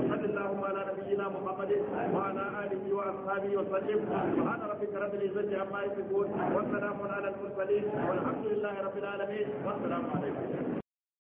A: وصل اللهم على نبينا محمد وعلى آله وأصحابه وسلم سبحان ربك رب العزة عما يصفون وسلام على المرسلين والحمد لله رب العالمين